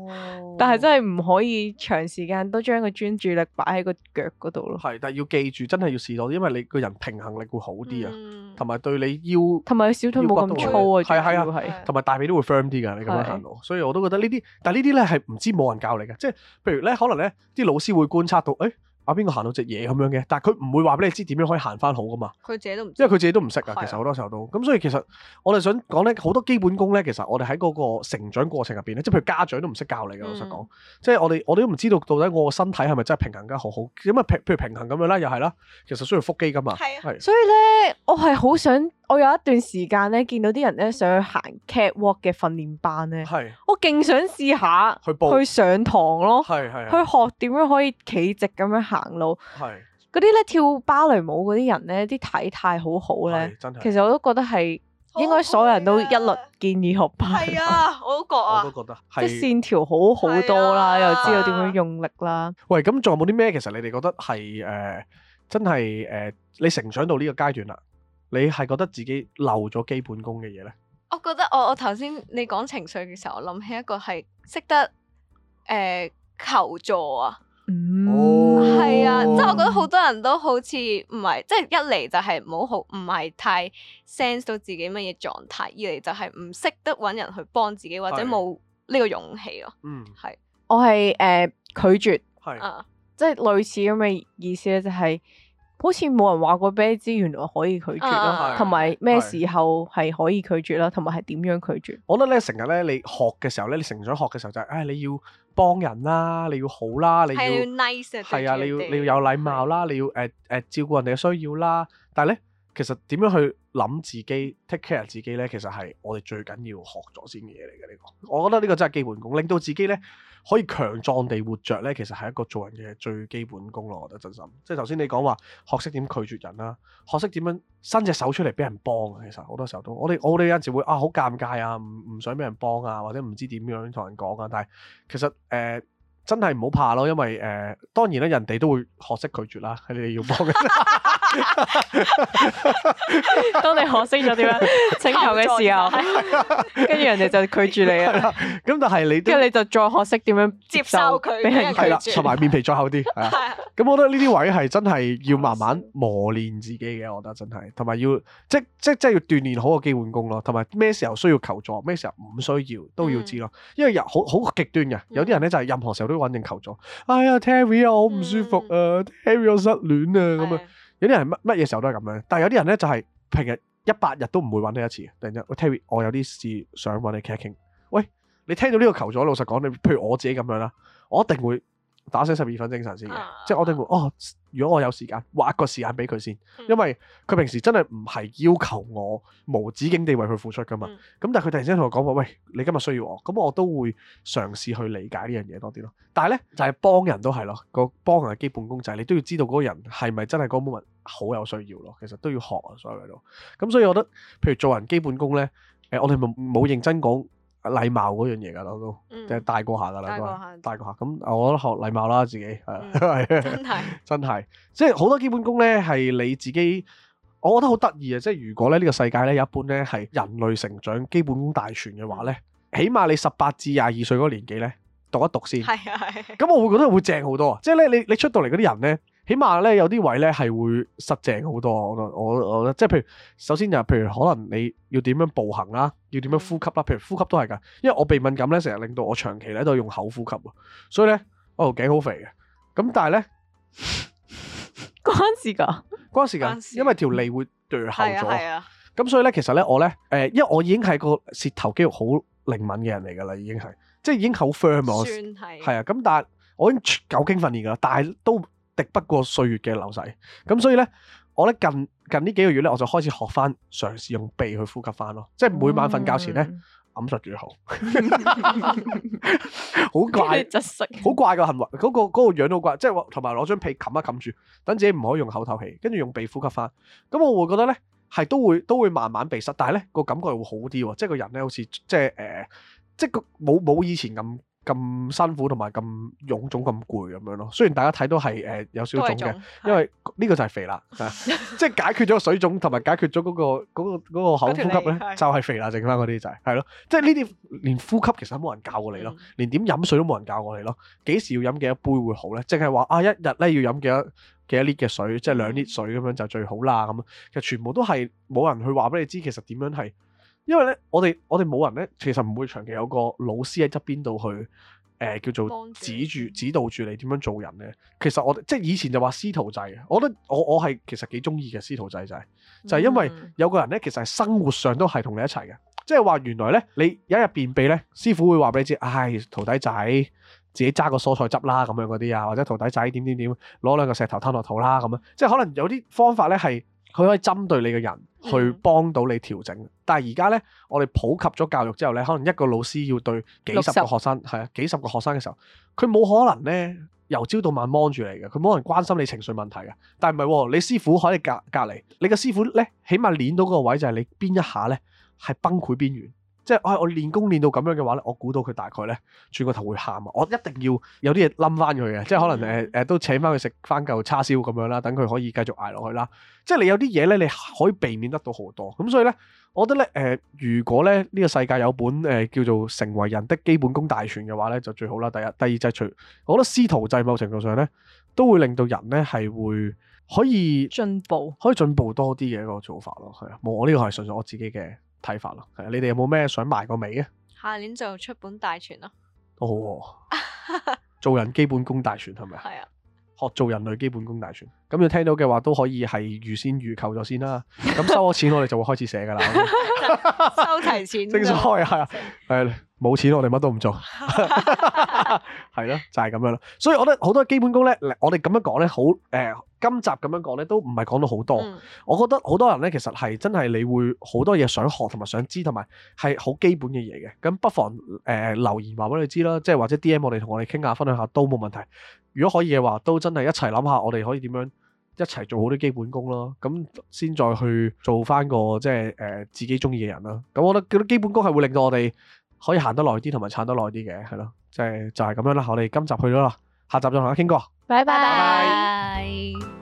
但係真係唔可以長時間都將個專注力擺喺個腳嗰度咯。係，但係要記住，真係要試多啲，因為你個人平衡力會好啲啊，同埋、嗯、對你腰同埋小腿冇咁粗啊，主要係，同埋大腿都會 firm 啲噶。你咁樣行路，的所以我都覺得呢啲，但係呢啲咧係唔知冇人教你嘅，即、就、係、是、譬如咧，可能咧啲老師會觀察到，誒、哎。啊！邊個行到隻嘢咁樣嘅？但係佢唔會話俾你知點樣可以行返好㗎嘛？佢自己都唔，因為佢自己都唔識啊。其實好多時候都咁，是的 所以其實我哋想講咧，好多基本功咧，其實我哋喺嗰個成長過程入邊咧，即係譬如家長都唔識教你嘅。嗯、老實講，即係我哋我哋都唔知道到底我個身體係咪真係平衡得好好？咁啊平譬如平衡咁樣啦，又係啦，其實需要腹肌㗎嘛。係啊，所以咧我係好想。我有一段時間咧，見到啲人咧想去行 cat walk 嘅訓練班咧，我勁想試下去上堂咯，去學點樣可以企直咁樣行路。嗰啲咧跳芭蕾舞嗰啲人咧，啲體態好好咧，其實我都覺得係應該所有人都一律建議學芭蕾。係啊，我都覺啊，我都覺得即係線條好好多啦，又知道點樣用力啦。喂，咁仲有冇啲咩？其實你哋覺得係誒真係誒你成長到呢個階段啦。你係覺得自己漏咗基本功嘅嘢呢？我覺得我我頭先你講情緒嘅時候，我諗起一個係識得、呃、求助啊。嗯，係、嗯、啊，即係我覺得好多人都好似唔係，即、就、係、是、一嚟就係冇好，唔係太 sense 到自己乜嘢狀態；二嚟就係唔識得揾人去幫自己，是或者冇呢個勇氣咯、啊。嗯，係是我係誒、呃、拒絕，係是啊，即係類似咁嘅意思咧，就係、是。好似冇人話過俾你知，原來可以拒絕啦，同埋咩時候係可以拒絕啦，同埋係點樣拒絕？我覺得咧，成日咧，你學嘅時候咧，你成長學嘅時候就係、是，唉、哎，你要幫人啦、啊，你要好啦，你要 nice，係啊，你要你要有禮貌啦、啊，的你要誒誒照顧人哋嘅需要啦、啊。但係咧，其實點樣去諗自己 take care 自己咧，其實係我哋最緊要學咗先嘅嘢嚟嘅呢個。我覺得呢個真係基本功，令到自己咧。嗯可以強壯地活著呢，其實係一個做人嘅最基本功咯。我覺得真心，即係頭先你講話學識點拒絕人啦，學識點樣伸隻手出嚟俾人幫啊。其實好多時候都，我哋我哋有陣時會啊好尷尬啊，唔唔想俾人幫啊，或者唔知點樣同人講啊。但係其實誒、呃、真係唔好怕咯，因為誒、呃、當然咧人哋都會學識拒絕啦、啊，係你哋要幫嘅。 *laughs* 當你學識咗點樣請求嘅時候，跟住 *laughs* 人哋就拒絕你啊。咁但係你都，跟住你就再學識點樣接受佢，俾人拒絕，同埋面皮再厚啲。係啊。咁的 *laughs* 我覺得呢啲位係真係要慢慢磨練自己嘅，我覺得真係，同埋要即即即，即要鍛煉好個基本功咯。同埋咩時候需要求助，咩時候唔需要都要知咯。嗯、因為有好好極端嘅，有啲人咧就係任何時候都要穩定求助。嗯、哎呀，Terri 啊，我好唔舒服啊，Terri 我失戀啊咁啊。樣有啲人乜乜嘢時候都係咁樣，但有啲人呢就係平日一百日都唔會揾你一次。突然之間，喂 Terri，我有啲事想揾你傾一傾。喂，你聽到呢個求助？老實講，你譬如我自己咁樣啦，我一定會。打醒十二分精神先嘅，啊、即係我哋會哦。如果我有時間，劃個時間俾佢先，嗯、因為佢平時真係唔係要求我無止境地為佢付出噶嘛。咁、嗯、但係佢突然之間同我講話，喂，你今日需要我，咁我都會嘗試去理解呢樣嘢多啲咯。但係呢，就係、是、幫人都係咯，個幫人嘅基本功就係、是、你都要知道嗰個人係咪真係嗰 moment 好有需要咯。其實都要學啊，所以嚟到。咁所以我覺得，譬如做人基本功呢，誒，我哋冇冇認真講。禮貌嗰樣嘢噶，老公、嗯，就大過下噶啦，大過下，大過下。咁我學禮貌啦，自己係真係，真係，即係好多基本功呢係你自己。我覺得好得意啊！即係如果咧呢個世界呢有一本呢係人類成長基本功大全嘅話呢，嗯、起碼你十八至廿二歲嗰個年紀呢，讀一讀先，係啊，係、嗯。咁我會覺得會正好多啊！即係咧，你你出到嚟嗰啲人呢。 *laughs* *laughs* 起碼咧有啲位咧係會濕淨好多，我覺得我我，我即係譬如首先就譬如可能你要點樣步行啦，要點樣呼吸啦，譬如呼吸都係㗎，因為我鼻敏感咧成日令到我長期咧都用口呼吸喎，所以咧我條頸好肥嘅，咁但係咧關事㗎，關事㗎，事因為條脷會墜後咗，咁、啊啊、所以咧其實咧我咧誒，因為我已經係個舌頭肌肉好靈敏嘅人嚟㗎啦，已經係即係已經好 firm，我係啊，咁但係我已經久經訓練㗎啦，但係都。不過歲月嘅流逝，咁所以呢，我呢近近呢幾個月呢，我就開始學翻嘗試用鼻去呼吸翻咯，即係每晚瞓覺前呢，揞實住口，好 *laughs* 怪，好怪嘅行為，嗰個嗰個樣都好怪，即係同埋攞張被冚一冚住，等自己唔可以用口透氣，跟住用鼻呼吸翻。咁我會覺得呢，係都會都會慢慢鼻塞，但係呢個感覺會好啲，即係個人呢，好似即係誒，即係冇冇以前咁。咁辛苦同埋咁臃腫咁攰咁樣咯，雖然大家睇到係誒有少少腫嘅，腫因為呢個就係肥啦， *laughs* 即係解決咗個水腫同埋解決咗嗰、嗰個、嗰個、嗰個口呼吸呢，就係肥啦，剩翻嗰啲就係係咯，即係呢啲連呼吸其實冇人教過你咯，嗯、連點飲水都冇人教過你咯，幾時要飲幾多杯會好呢？即係話啊一日呢要飲幾多幾多 litre 嘅水，即係兩 litre 水咁樣就最好啦咁，其實全部都係冇人去話俾你知，其實點樣係。因為咧，我哋我哋冇人咧，其實唔會長期有個老師喺側邊度去、呃，誒叫做指住指導住你點樣做人咧。其實我哋即係以前就話師徒制嘅，我覺得我我係其實幾中意嘅師徒制制、就是，就係、是、因為有個人咧，其實係生活上都係同你一齊嘅，即係話原來咧你有一日便秘咧，師傅會話俾你知，唉、哎，徒弟仔自己揸個蔬菜汁啦咁樣嗰啲啊，或者徒弟仔點點點攞兩個石頭吞落肚啦咁樣，即係可能有啲方法咧係。佢可以針對你嘅人去幫到你調整，但係而家呢，我哋普及咗教育之後咧，可能一個老師要對幾十個學生，係啊 60.，幾十個學生嘅時候，佢冇可能呢由朝到晚望住你嘅，佢冇可能關心你情緒問題嘅。但係唔係，你師傅喺你隔隔離，你嘅師傅呢，起碼攆到個位就係你邊一下呢？係崩潰邊緣。即我我練功練到咁樣嘅話咧，我估到佢大概咧轉個頭會喊啊！我一定要有啲嘢冧翻佢嘅，即係可能誒誒、呃呃、都請翻佢食翻嚿叉燒咁樣啦，等佢可以繼續捱落去啦。即係你有啲嘢咧，你可以避免得到好多。咁所以咧，我覺得咧誒、呃，如果咧呢、這個世界有本誒、呃、叫做成為人的基本功大全嘅話咧，就最好啦。第一、第二就係除，我覺得師徒制某程度上咧都會令到人咧係會可以進步，可以進步，步多啲嘅一個做法咯。係啊，冇我呢個係純粹我自己嘅。睇法咯，係啊！你哋有冇咩想埋個尾啊？下年就出本大全咯。哦，都好喎。做人基本功大全係咪啊？係啊 *laughs* 學做人類基本功大全，咁要聽到嘅話都可以係預先預購咗先啦。咁 *laughs* 收咗錢，我哋就會開始寫噶啦。Okay? *laughs* 收提前，正式開係啊，係、 *laughs* 啊。冇錢，我哋乜都唔做，係 *laughs* 咯，就係、是、咁樣咯。所以我覺得好多基本功呢，我哋咁樣講呢，好誒、呃，今集咁樣講呢，都唔係講到好多。嗯、我覺得好多人呢，其實係真係你會好多嘢想學同埋想知，同埋係好基本嘅嘢嘅。咁不妨誒、呃、留言話俾你知啦，即係或者 D M 我哋同我哋傾下，分享下都冇問題。如果可以嘅話，都真係一齊諗下，我哋可以點樣一齊做好啲基本功咯。咁先再去做返個即係誒自己鍾意嘅人啦。咁我覺得嗰啲基本功係會令到我哋。可以行得耐啲，同埋撐得耐啲嘅，係咯，就係咁樣啦。我哋今集去咗啦，下集再同大家傾過。拜拜。